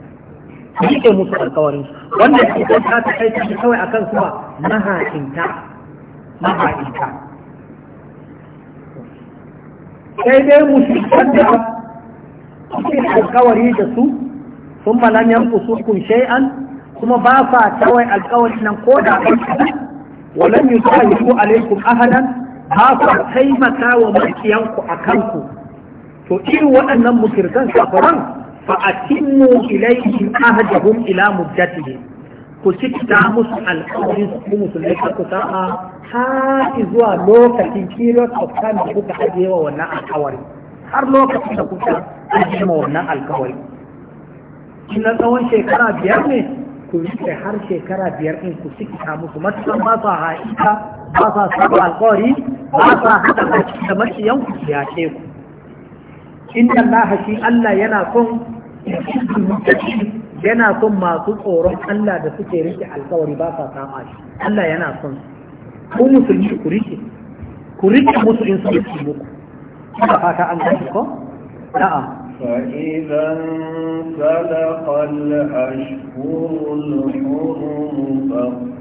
ku rike musu alkawarin su wanda su ta ta ta ta shi kawai akan su ba maha'inta maha'inta sai dai musulman da suke alkawari da su sun malam kun shay'an kuma ba sa kawai alkawari nan ko da lam yusahibu alaykum ahadan ba ku taimaka wa makiyanku a kanku to irin waɗannan mushrikan kafiran fa atimmu ilayhim ahdahum ila muddatihim ku cikta musu alƙawarin su musulmai ka ku sa'a har zuwa lokacin period of time da kuka ajiye wa wannan alƙawari har lokacin da kuka ajiye wa wannan alƙawari in tsawon shekara biyar ne ku rike har shekara biyar in ku cikta musu matukan ba su ha'ika ba sa sabu alƙawari ba sa haɗa baki da maciyan ku ya ce ku inna Allah haƙi Allah yana son yana son masu tsoron Allah da suke rike alƙawari ba sa sama shi Allah yana son ku musulmi ku rike ku rike musu in suke ci muku ba fata an gaji ko na'am فإذا انسلق الأشهر الحرم فاقتلوا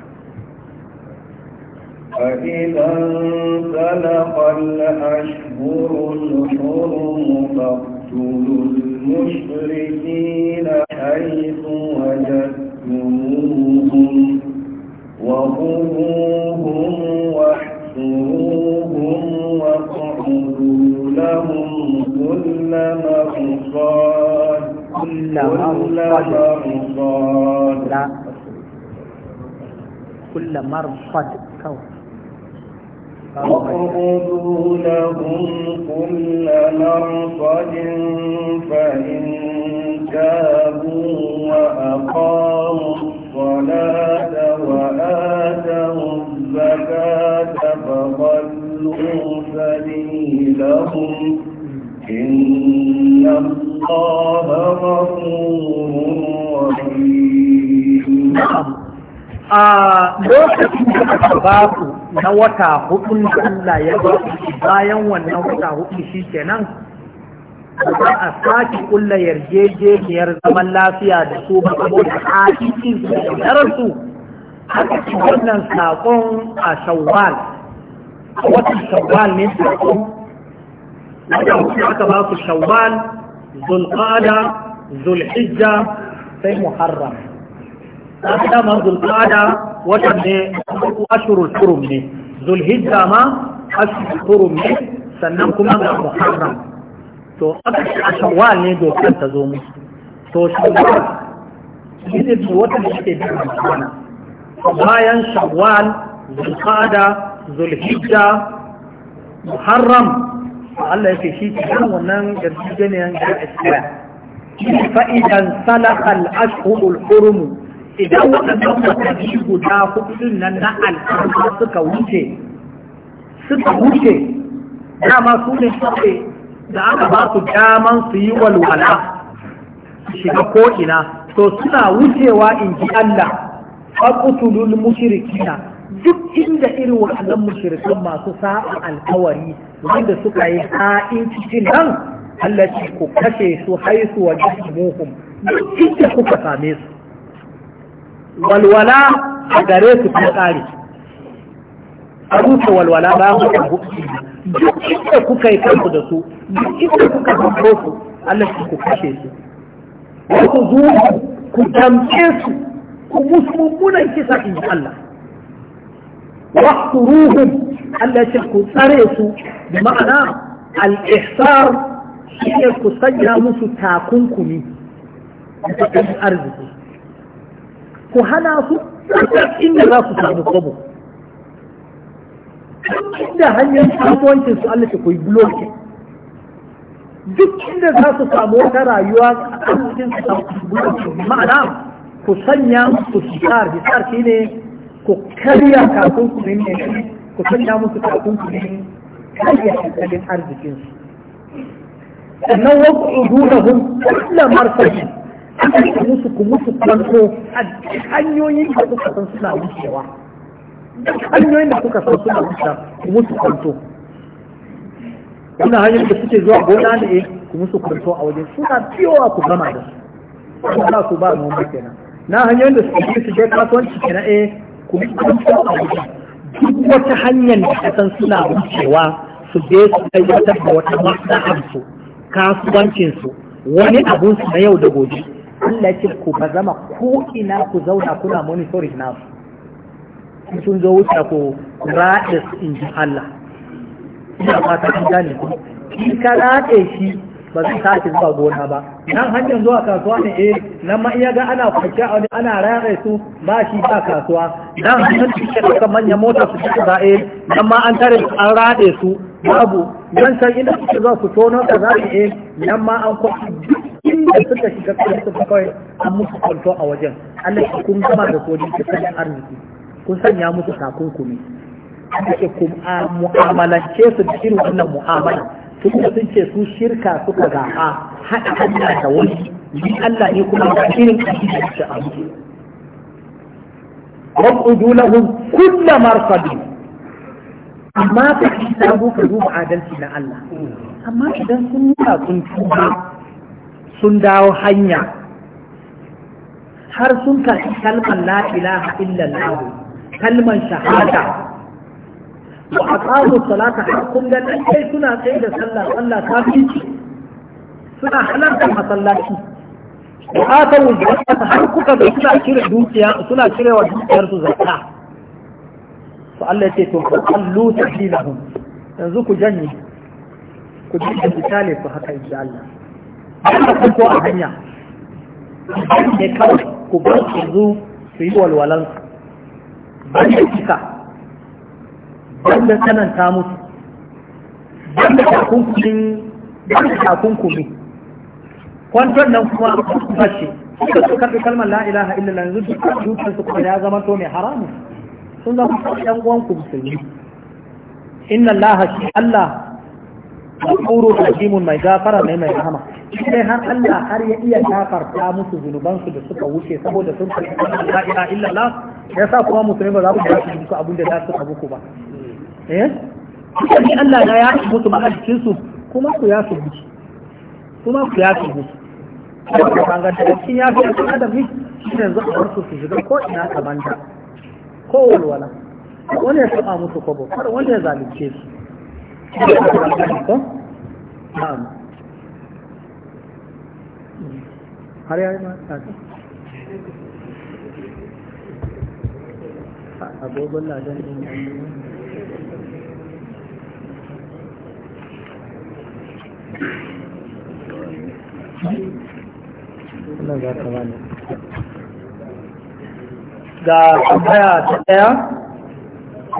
فإذا انسلق الأشهر الحرم فاقتلوا المشركين حيث وجدتموهم وخذوهم واحصروهم واقعدوا لهم كل مرصاد كل مرصاد كل مرصد كون فاقعدوا لهم كل مرصد فإن تابوا وأقاموا الصلاة وآتوا الزكاة فضلوا سبيلهم إن الله غفور رحيم. آه لوكاشن da aka ba ku na wata hudun da Allah ya ba bayan wannan wata hudun shi kenan za a sake kulla yarjejeniyar zaman lafiya da su ba saboda aiki, su da dararsu haka ci wannan saƙon a shawwal a watan shawwal ne saƙon wata hudun aka ba su shawwal zulqada zulhijja sai muharram ta fi dama zulkada watan ne ashirul ne zulhijja ma ashirul turum ne sannan kuma ga muharram to aka ce a shawwal ne dokar ta zo musu to shawwal shi ne watan da ke da bayan shawwal zulkada zulhijja muharram Allah ya ce shi wannan salakal ashhurul idan waɗannan watanni guda hudu nan na alfarma suka wuce suka wuce dama su ne suke da aka ba su daman su yi walwala shiga ko'ina to suna wucewa in ji Allah faƙutulul mushrikina duk inda irin waɗannan mushrikan masu sa'a alkawari wanda suka yi ha'in cikin nan Allah ku kashe su haisu wa jihmuhum duk inda kuka same su walwala a gare su kuma tsari a rufe walwala ba su kan hukunci duk inda kuka yi kanku da su duk inda kuka zuwa su Allah shi ku kashe su wasu zuwa ku tamce su ku musu musulmunan kisa in ji Allah wasu ruhun Allah ce ku tsare su ma'ana al shi ne ku sanya musu takunkumi a cikin arziki ku hana su inda za ku samu kwabo inda hanyar kasuwancin su Allah ku yi blokin duk inda za su samu wata rayuwa a cikin su samu blokin ma'ana ku sanya ku shigar shigar shi ne ku karya kafin ku ne ku sanya musu kafin ku ne karya hankalin arzikin su sannan wasu udunahum kullu marsahin aka yi musu ku musu kwanto a hanyoyin da kuka san suna wucewa hanyoyin da kuka san suna wucewa ku musu kwanto wannan hanyoyin da suke zuwa gona ne ku musu kwanto a waje suna fiyowa ku gama da su kuma su ba noma kenan na hanyoyin da suke su je kasuwanci kenan eh ku musu kwanto a waje. duk wata hanyar da kasan suna wucewa su je su aiwatar da wata masana'ar su kasuwancinsu wani abun su na yau da gobe Allah ce ku ba zama ko ina ku zauna kuna monitoring na su sun zo wuce ku raɗe su in ji Allah ina fata kun gane ku in ka raɗe shi ba zai tashi zuwa gona ba nan hanyar zuwa kasuwa ne eh nan ma iya ga ana kwanciya a wani ana raɗe su ba shi ba kasuwa nan hanyar da suke ɗaukar manyan motar su suke ba eh nan ma an tare an raɗe su babu nan san inda suke zuwa su tono da za su eh nan ma an duk su ka shiga kai su kawai an musu kwanto a wajen Allah ya kun gama da kodin kan arziki kun sanya musu takunkumi Allah ya kun mu'amalance su da irin wannan mu'amala tun da sun ce su shirka suka zaɓa haɗa Allah da wani ni Allah ne kuma ga irin kashi da shi a musu waqudu lahum kullu marsadin amma ta sabu ka duba adalci na Allah amma idan sun nuna sun tuba sun dawo hanya har sun karɓi kalmar la ilaha illallah kalmar shahada wa aqamu salata har kun ga kai suna tsaye da sallah sallah ta fi suna halarta masallaci wa aqamu zakata har kuka ga suna cire dukiya suna cire wa dukiyar su zakka to Allah ya ce to kallu tahilahum yanzu ku janye ku ji da misali ku haka insha Allah Allah kan ko a hanya an ne kawai ku bar su zu su yi walwalan ban da kisa ban da tsananta musu ban da takunkumin ban da takunkumi kwanton nan kuma fashe suka su karɓi kalmar la ilaha illallah yanzu duk dukkan su kuma ya zama to mai haramu sun zama ɗan uwan ku musulmi inna allaha shi allah Kuro hakimun mai gafara mai mai rahama sai har Allah har ya iya gafarta musu zunubansu da suka wuce saboda sun karɓi la ilaha illallah ya sa kuma musulmi ba za ku ba su duka abin da za su abu ku ba eh sai Allah ya yi musu mahaliccin su kuma ku ya su buci kuma ku ya su buci kuma bangar da cikin ya fi su adam ne shi ne za su su shiga ko ina ka banda. ko walwala wani ya saba musu kwabo har wani ya zalunce su har ta ɗaya. ga tambaya ta daya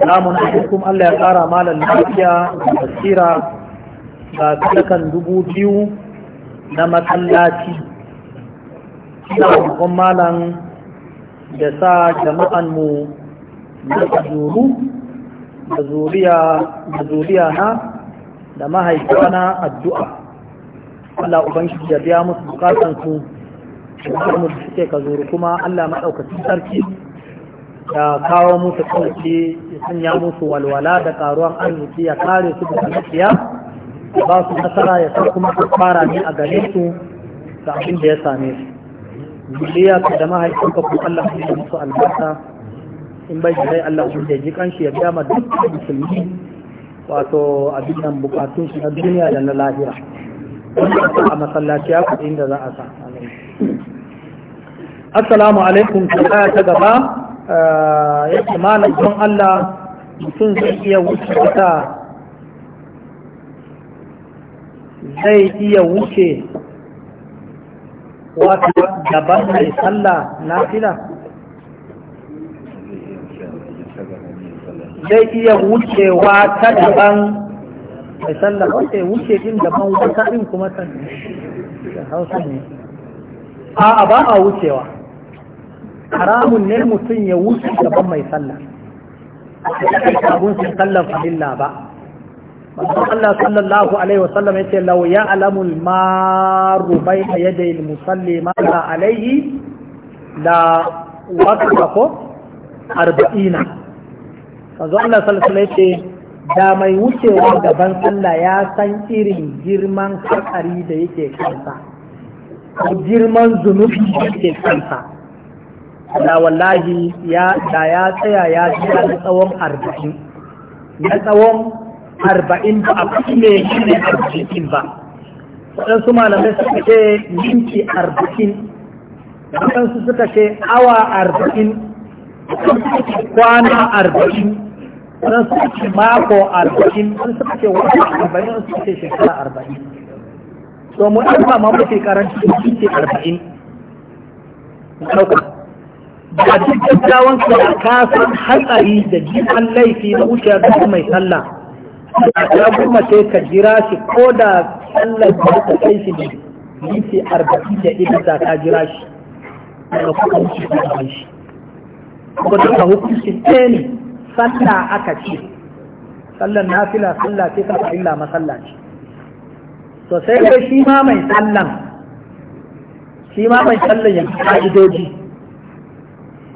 salamun alaikum Allah ya kara malam lafiya da basira ga kakan dubu biyu na matsalaci ina hukun malam da sa jama'an mu na zuru da zuriya na da mahaifa na addu'a Allah ubangiji ya biya musu bukatansu da da suke ka zuru kuma Allah maɗaukacin sarki Da kawo musu kauce ya sanya musu walwala da karuwan arziki ya kare su da dukiya ya ba su nasara ya san kuma su fara ne a gare su da abin da ya same su zuriya ka da mahaifinka ko Allah ya yi musu albarka in bai da rai Allah ya ji kanshi ya biya ma dukkan musulmi wato abin nan bukatun shi na duniya da na lahira a masallaci ya kuɗi inda za a sa assalamu alaikum ta gaba ya kimana don Allah mutum zai iya wuce wata zai iya wuce wata daban mai sallah na fila zai iya wucewa ta daban mai sallah wata wuce din daban wata din kuma ta hausa ne a ba a wucewa haramun ne mutum ya wuce gaban mai sallah abun sun sallar fahimla ba Masu Allah sallallahu Alaihi wasallam ya ce, Lau ya alamul maru bai a yadda yin musalli mala alaihi da wata ko arba'ina. Masu Allah sallallahu ya ce, Da mai wucewa gaban sallah ya san irin girman hatsari da yake kansa, ko girman zunubi da yake kansa. da wallahi ya da ya tsaya ya ji a tsawon arba'in na tsawon arba'in ba a kuɗi ne shi ne arba'in ba waɗansu malamai suka ce minti arba'in waɗansu suka ce awa arba'in kwana arba'in waɗansu suka ce mako arba'in sun suka ce wata arba'in sun suka ce shekara arba'in to mu ɗan ba mafi karanci minti arba'in da duk gaggawan su da san hatsari da jikin laifi na wuce duk mai sallah ya kuma sai ka jira shi ko da sallar da ta kai shi ne minti arba'in da ita da ka jira shi daga kuma wuce ka gaban shi ko da ka hukunci ɗaya ne sallah aka ce sallar nafila sallah ce ta fa'ila masallaci to sai kai shi ma mai sallan shi ma mai sallan ya ka'idoji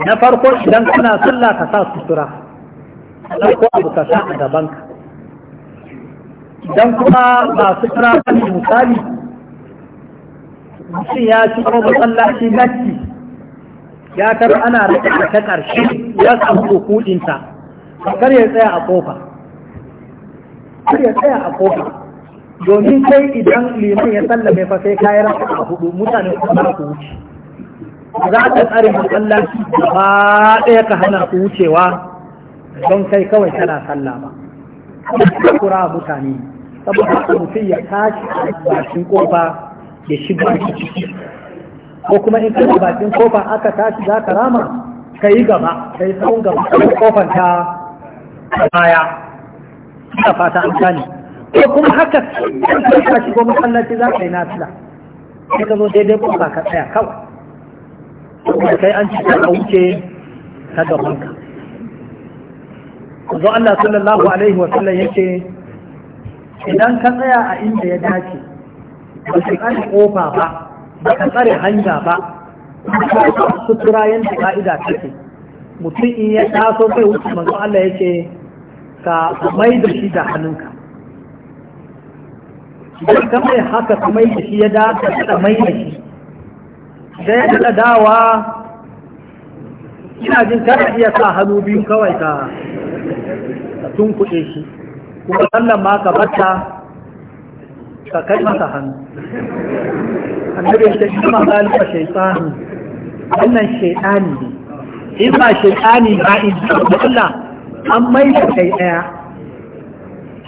na farko idan kana sallah ka sa sutura ko abu ka sa a gabanka idan kuma ba sutura kan misali mutum ya ci ko masallaci latti ya tar ana rika ta karshe ya samu kuɗinta kar ya tsaya a kofa kar ya tsaya a kofa domin sai idan liman ya sallame fa sai kayan a hudu mutane kuma ku wuce za ka tsare masallaci ba ɗaya ka hana su wucewa don kai kawai tana sallah ba kuma kura mutane saboda mutum ya tashi bakin kofa ya shiga ciki ko kuma in kai bakin kofa aka tashi za ka rama ka yi gaba ka yi tsawon gaba ka kofar ta baya ina fata an gane ko kuma haka ka shigo masallaci za ka yi sila. sai ka zo daidai kofa ka tsaya kawai kuma kai an ci ka wuce ta gabanka zo Allah sallallahu alaihi wa sallam yake idan ka tsaya a inda ya dace ba ka tsare kofa ba ba ka tsare hanya ba ka sutura yanda ka'ida take mutum in ya taso sai wuce manzo Allah yake ka mai da shi da hannunka idan ka mai haka ka mai da shi ya dace ka mai da shi sai da dawa ina jin kana iya sa hannu biyu kawai ka tun kuɗe shi kuma sallan ma ka batta ka kai masa hannu annabi ya shi ma zalika shaitani. wannan shaitani ne in ba shaitani ba in ji Allah an mai da kai ɗaya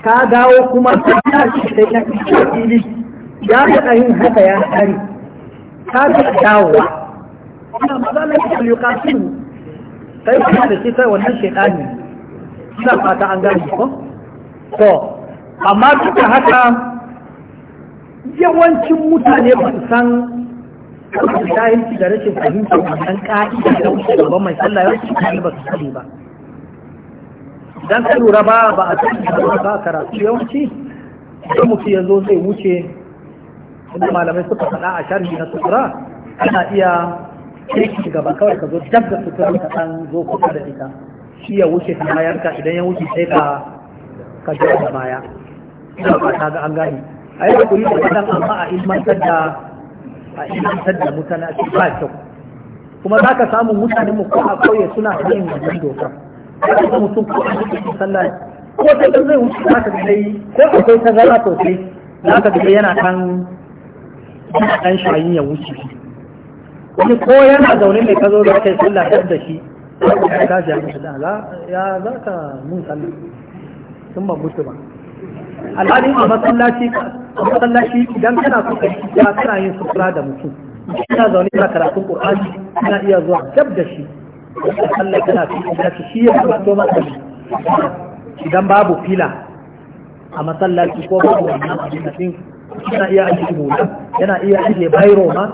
ka dawo kuma ta shi ta ya fili ya faɗa yin haka ya tsari ka ga dawowa ina maza na shi aliyukasiru kai kuma da shi kai wannan shaidani ina fata an gane ko to amma duk da haka yawancin mutane ba su san jahilci da rashin fahimtar wannan ka'ida da wuce gaban mai sallah ya wuce kan ba su sani ba dan ka lura ba ba a san ba karatu yawanci idan mutum ya zo zai wuce inda malamai suka faɗa a sharhi na sutura ana iya kirki gaba kawai ka zo dab da sutura ka ɗan zo kusa da ita shi ya wuce ta ka, idan ya wuce sai ka ka ji da baya ina fata ga an gani. a yi kuri da kadan amma a ilmantar da a ilmantar da mutane a cikin ba kyau kuma za ka samu mutane mu ko a kauye suna yin wannan doka kuma mutum ko a cikin sallah ko sai zai wuce za ka dai ko akwai ta to sosai za ka dai yana kan yana ɗan shayin ya wuce shi. wani ko yana zaune mai kazo da kai sallah ɗan da shi ya tashi ya mutu da ya za ka mun sallah sun ba mutu ba alhalin a masallaci masallaci idan kana so kai ya kana yin sufura da mutum kana zaune kana karatun qur'ani kana iya zuwa dab da shi Allah kana fi shi ya fito maka idan babu fila a masallaci ko babu wannan abin da din kana iya aiki mula yana iya ajiye bairo ma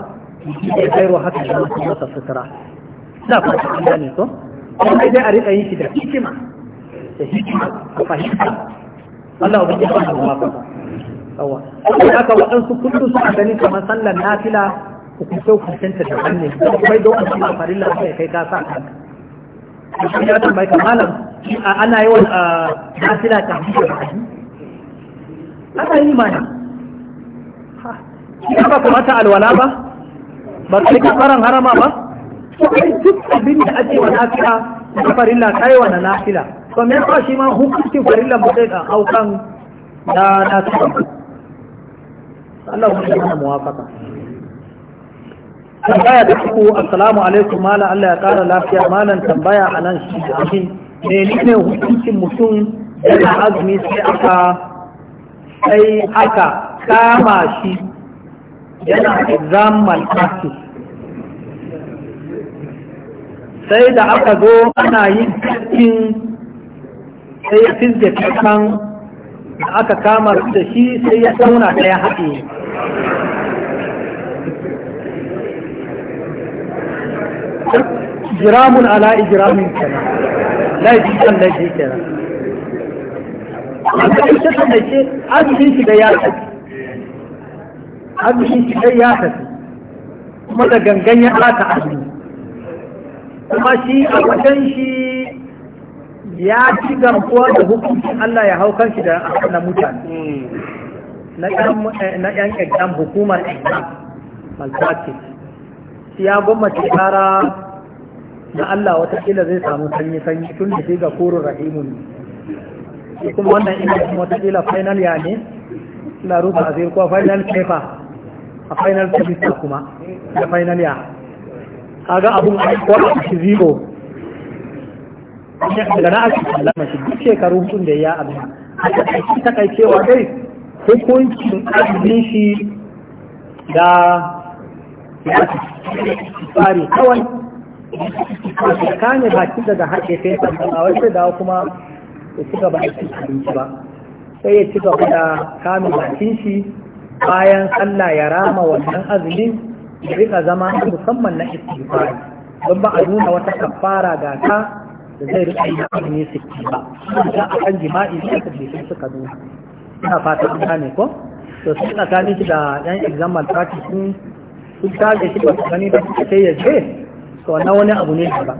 ya bairo haka da masu masa sutura da kuma an gane ko kuma Idan a rika yin shi da hikima da hikima a fahimta Allah ubangi ya fara muwafaka yawa saboda haka waɗansu kullum suna ganin kamar sallar nafila hukuncin hukuncin ta da wannan kuma da wannan ba farilla sai kai ka sa kanka shi ya tambayi ka malam ana yawan nafila ta hanyar ana yi mana ina ba ku mata alwala ba ba ka kafaran harama ba duk abin da ake wa nafila na farilla kai wa na nafila to me yasa shi ma hukuncin farilla ba zai hau da na nafila Allah ya mana muwafaka tambaya da uku assalamu alaikum malam Allah ya kara lafiya malam tambaya anan shi shi amin ne hukuncin mutum yana azumi sai aka sai aka kama shi yana exam malpractice sai da aka zo ana yin cikin sai ya fizge kasan da aka kama da shi sai ya tauna da ya haɗe jiramun ala ijiramun kenan laifin kan laifin kenan a ƙarshe ta ce arzikin shi da ya haɗe azumin shi ya tafi kuma da gangan ya ɓata azumi kuma shi a wajen shi ya ci gamsuwa da hukunci Allah ya haukan shi da na mutane na yan eh, exam hukumar exam malpractice shi ya gwamnati tara na Allah watakila zai samu sanyi-sanyi tun da shi ga koro rahimun kuma wannan ina kuma watakila final ya ne na rufa a zai kuwa final paper a final semester kuma da final ya kaga abun a kwata shi zero daga na ake kallama shi duk shekaru sun da ya abin a cikin takaicewa dai hukuncin azumin shi da ya tsari kawai a kane baki daga haɗe sai sannan a wasu dawo kuma ya ci gaba da cikin abinci ba sai ya ci gaba da kame bakin shi bayan sallah ya rama wannan azumin ya rika zama musamman na istighfari don ba a nuna wata kafara ga ta da zai rika yi su sittin ba da a kan jima'i da aka jefe suka nuna ina fata an gane ko to sun tsakanin shi da yan exam malpractice sun sun tage shi ba su gani da suka sai ya je to wannan wani abu ne ba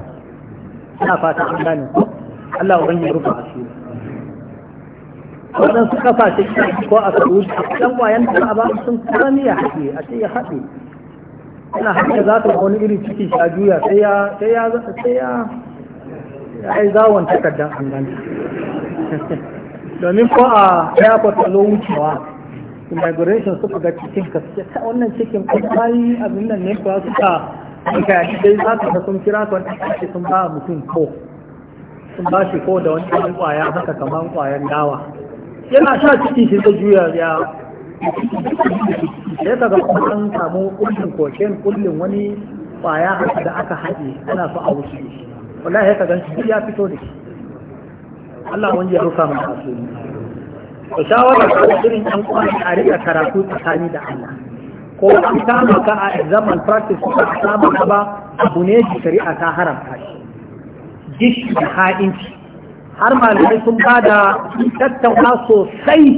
ina fata an gane ko Allah ubangiji rufa asiri waɗansu ƙasashe ko a shi ɗan wayan da ba sun karami ya haɗe a ce ya haɗe ina haka za ta wani irin ciki a juya sai ya sai ya sai ya ya yi zawon takardar an gani domin ko a airport a wucewa immigration suka ga cikin ka suke ta wannan cikin ko kai abin nan ne ko suka suka yi dai za ka sun kira ko wani sun ba mutum ko sun ba shi ko da wani kwaya haka kamar kwayan dawa yana sa ciki shi ta juya ya sai kaga ga an samu kullin koken kullin wani kwaya da aka haɗe ana so a wuce wallahi ya kaga shi ya fito da shi Allah wani ya rufa mana asiri to shawara ko irin ɗan kwana a rika karatu tsakani da Allah ko an kama ka a exam and practice ko an kama ka ba abu ne shari'a ta haramta shi gishi da ha'inci har malamai sun ba da tattauna sosai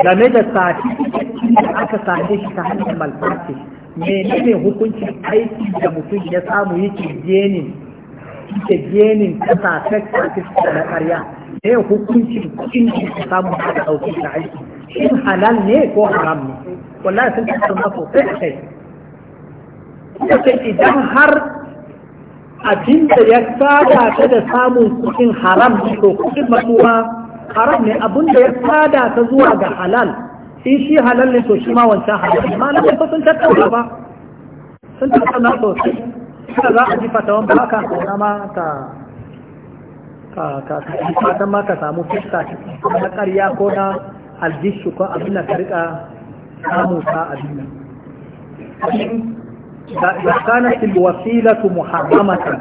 game da sati da aka same shi ta hanyar ne menene hukuncin aiki da mutum ya samu yake genin yake genin kasa da na karya ne hukuncin kuɗin da ya samu da ɗauki da aiki shin halal ne ko haram ne wallahi sun tattauna sai a kai idan har abinda ya tsada ta da samun kuɗin haram ne ko kuɗin matuwa haram ne abinda ya tsada ta zuwa ga halal in shi halal ne to shi ma wancan halal ma na kuma sun tattauna ba sun tattauna sosai suka za a ji fatawan ba ka kauna ma ka ka fatan ma ka samu fiska na ƙarya ko na aljishu ko abin da ka rika samu ta abin كانت الوسيلة محرمة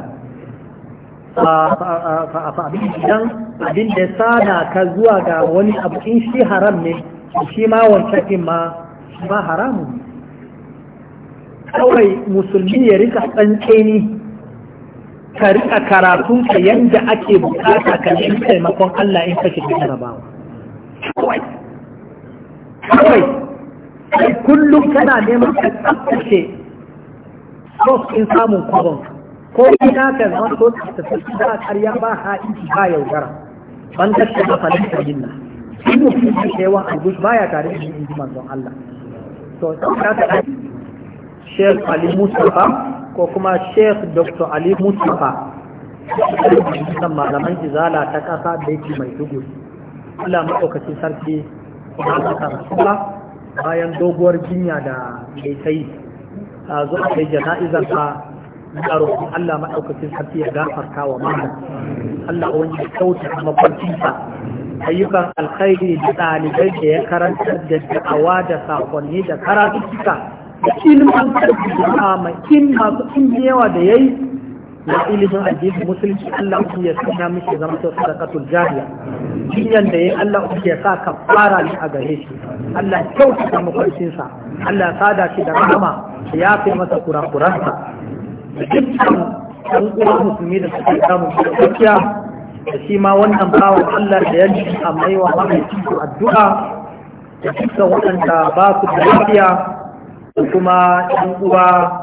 فأبين جدًا abin da sada ka zuwa ga wani abu in shi haram ne shi ma wancan ma ba haramu kawai musulmi ya rika tsantseni ka rika karatun ka yadda ake bukata ka nemi taimakon Allah in kake da jarabawa kawai kawai kullum kana neman ka tsaftace source in samun kwabon ko ina ka zama so ta tafi da karya ba iji ba yaudara ban gaske ba falisar jinna shi mutum da kewa ba ya tare da yin ji Allah to sau ta ta Sheikh Ali mustapha ko kuma Sheikh Dr. Ali Mustafa kan malaman izala ta kasa da yake mai dugu Allah maɗaukacin sarki da ƙasar bayan doguwar jinya da mai a zo a kai jana'izar ka na Allah maɗaukacin sarki ya gafarta wa mana Allah wani ya a kuma ayyukan alkhairi da ɗalibai da ya karanta da da'awa da sakonni da karatuka da ilimin sarki da mai in masu in yawa da yayi na ilimin addinin musulunci Allah uku ya sanya mishi zama ta sadaqatul jariya jinyan da ya Allah uku ya sa kafara ne a gare shi Allah ya kyautata mafarkin sa Allah ya sada shi da rahama ya fi masa kurakuransa dukkan ɗan uwan musulmi da suke samun gaskiya da shi ma wannan bawan Allah da ya ji a maiwa mahaifi addu'a da dukkan waɗanda ba su da lafiya da kuma ɗan uwa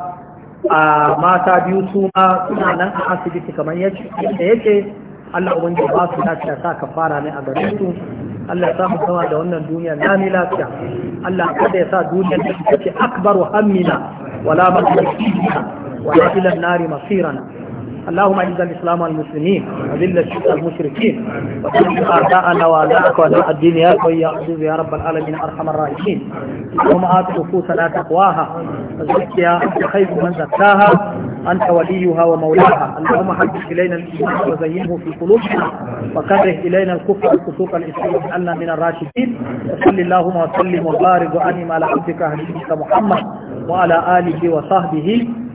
a mata biyu suna suna nan a asibiti kamar yadda yake Allah ubangiji ba su lafiya sa ka fara ne a garin su Allah ya samu sama da wannan duniya na ni lafiya Allah kada ya sa duniya ta ce akbaru hammina wala mabda'ina wala ila nari masirana اللهم اعز الاسلام والمسلمين وذل الشرك المشركين وكل اعداءنا واعداءك واعداء الدين يا قوي يا عزيز يا رب العالمين ارحم الراحمين اللهم ات نفوسنا تقواها وزكها انت خير من زكاها انت وليها ومولاها اللهم حبب الينا الايمان وزينه في قلوبنا وكره الينا الكفر والفسوق الاسلام واجعلنا من الراشدين وصل اللهم وسلم وبارك وانعم على عبدك هديك محمد وعلى اله وصحبه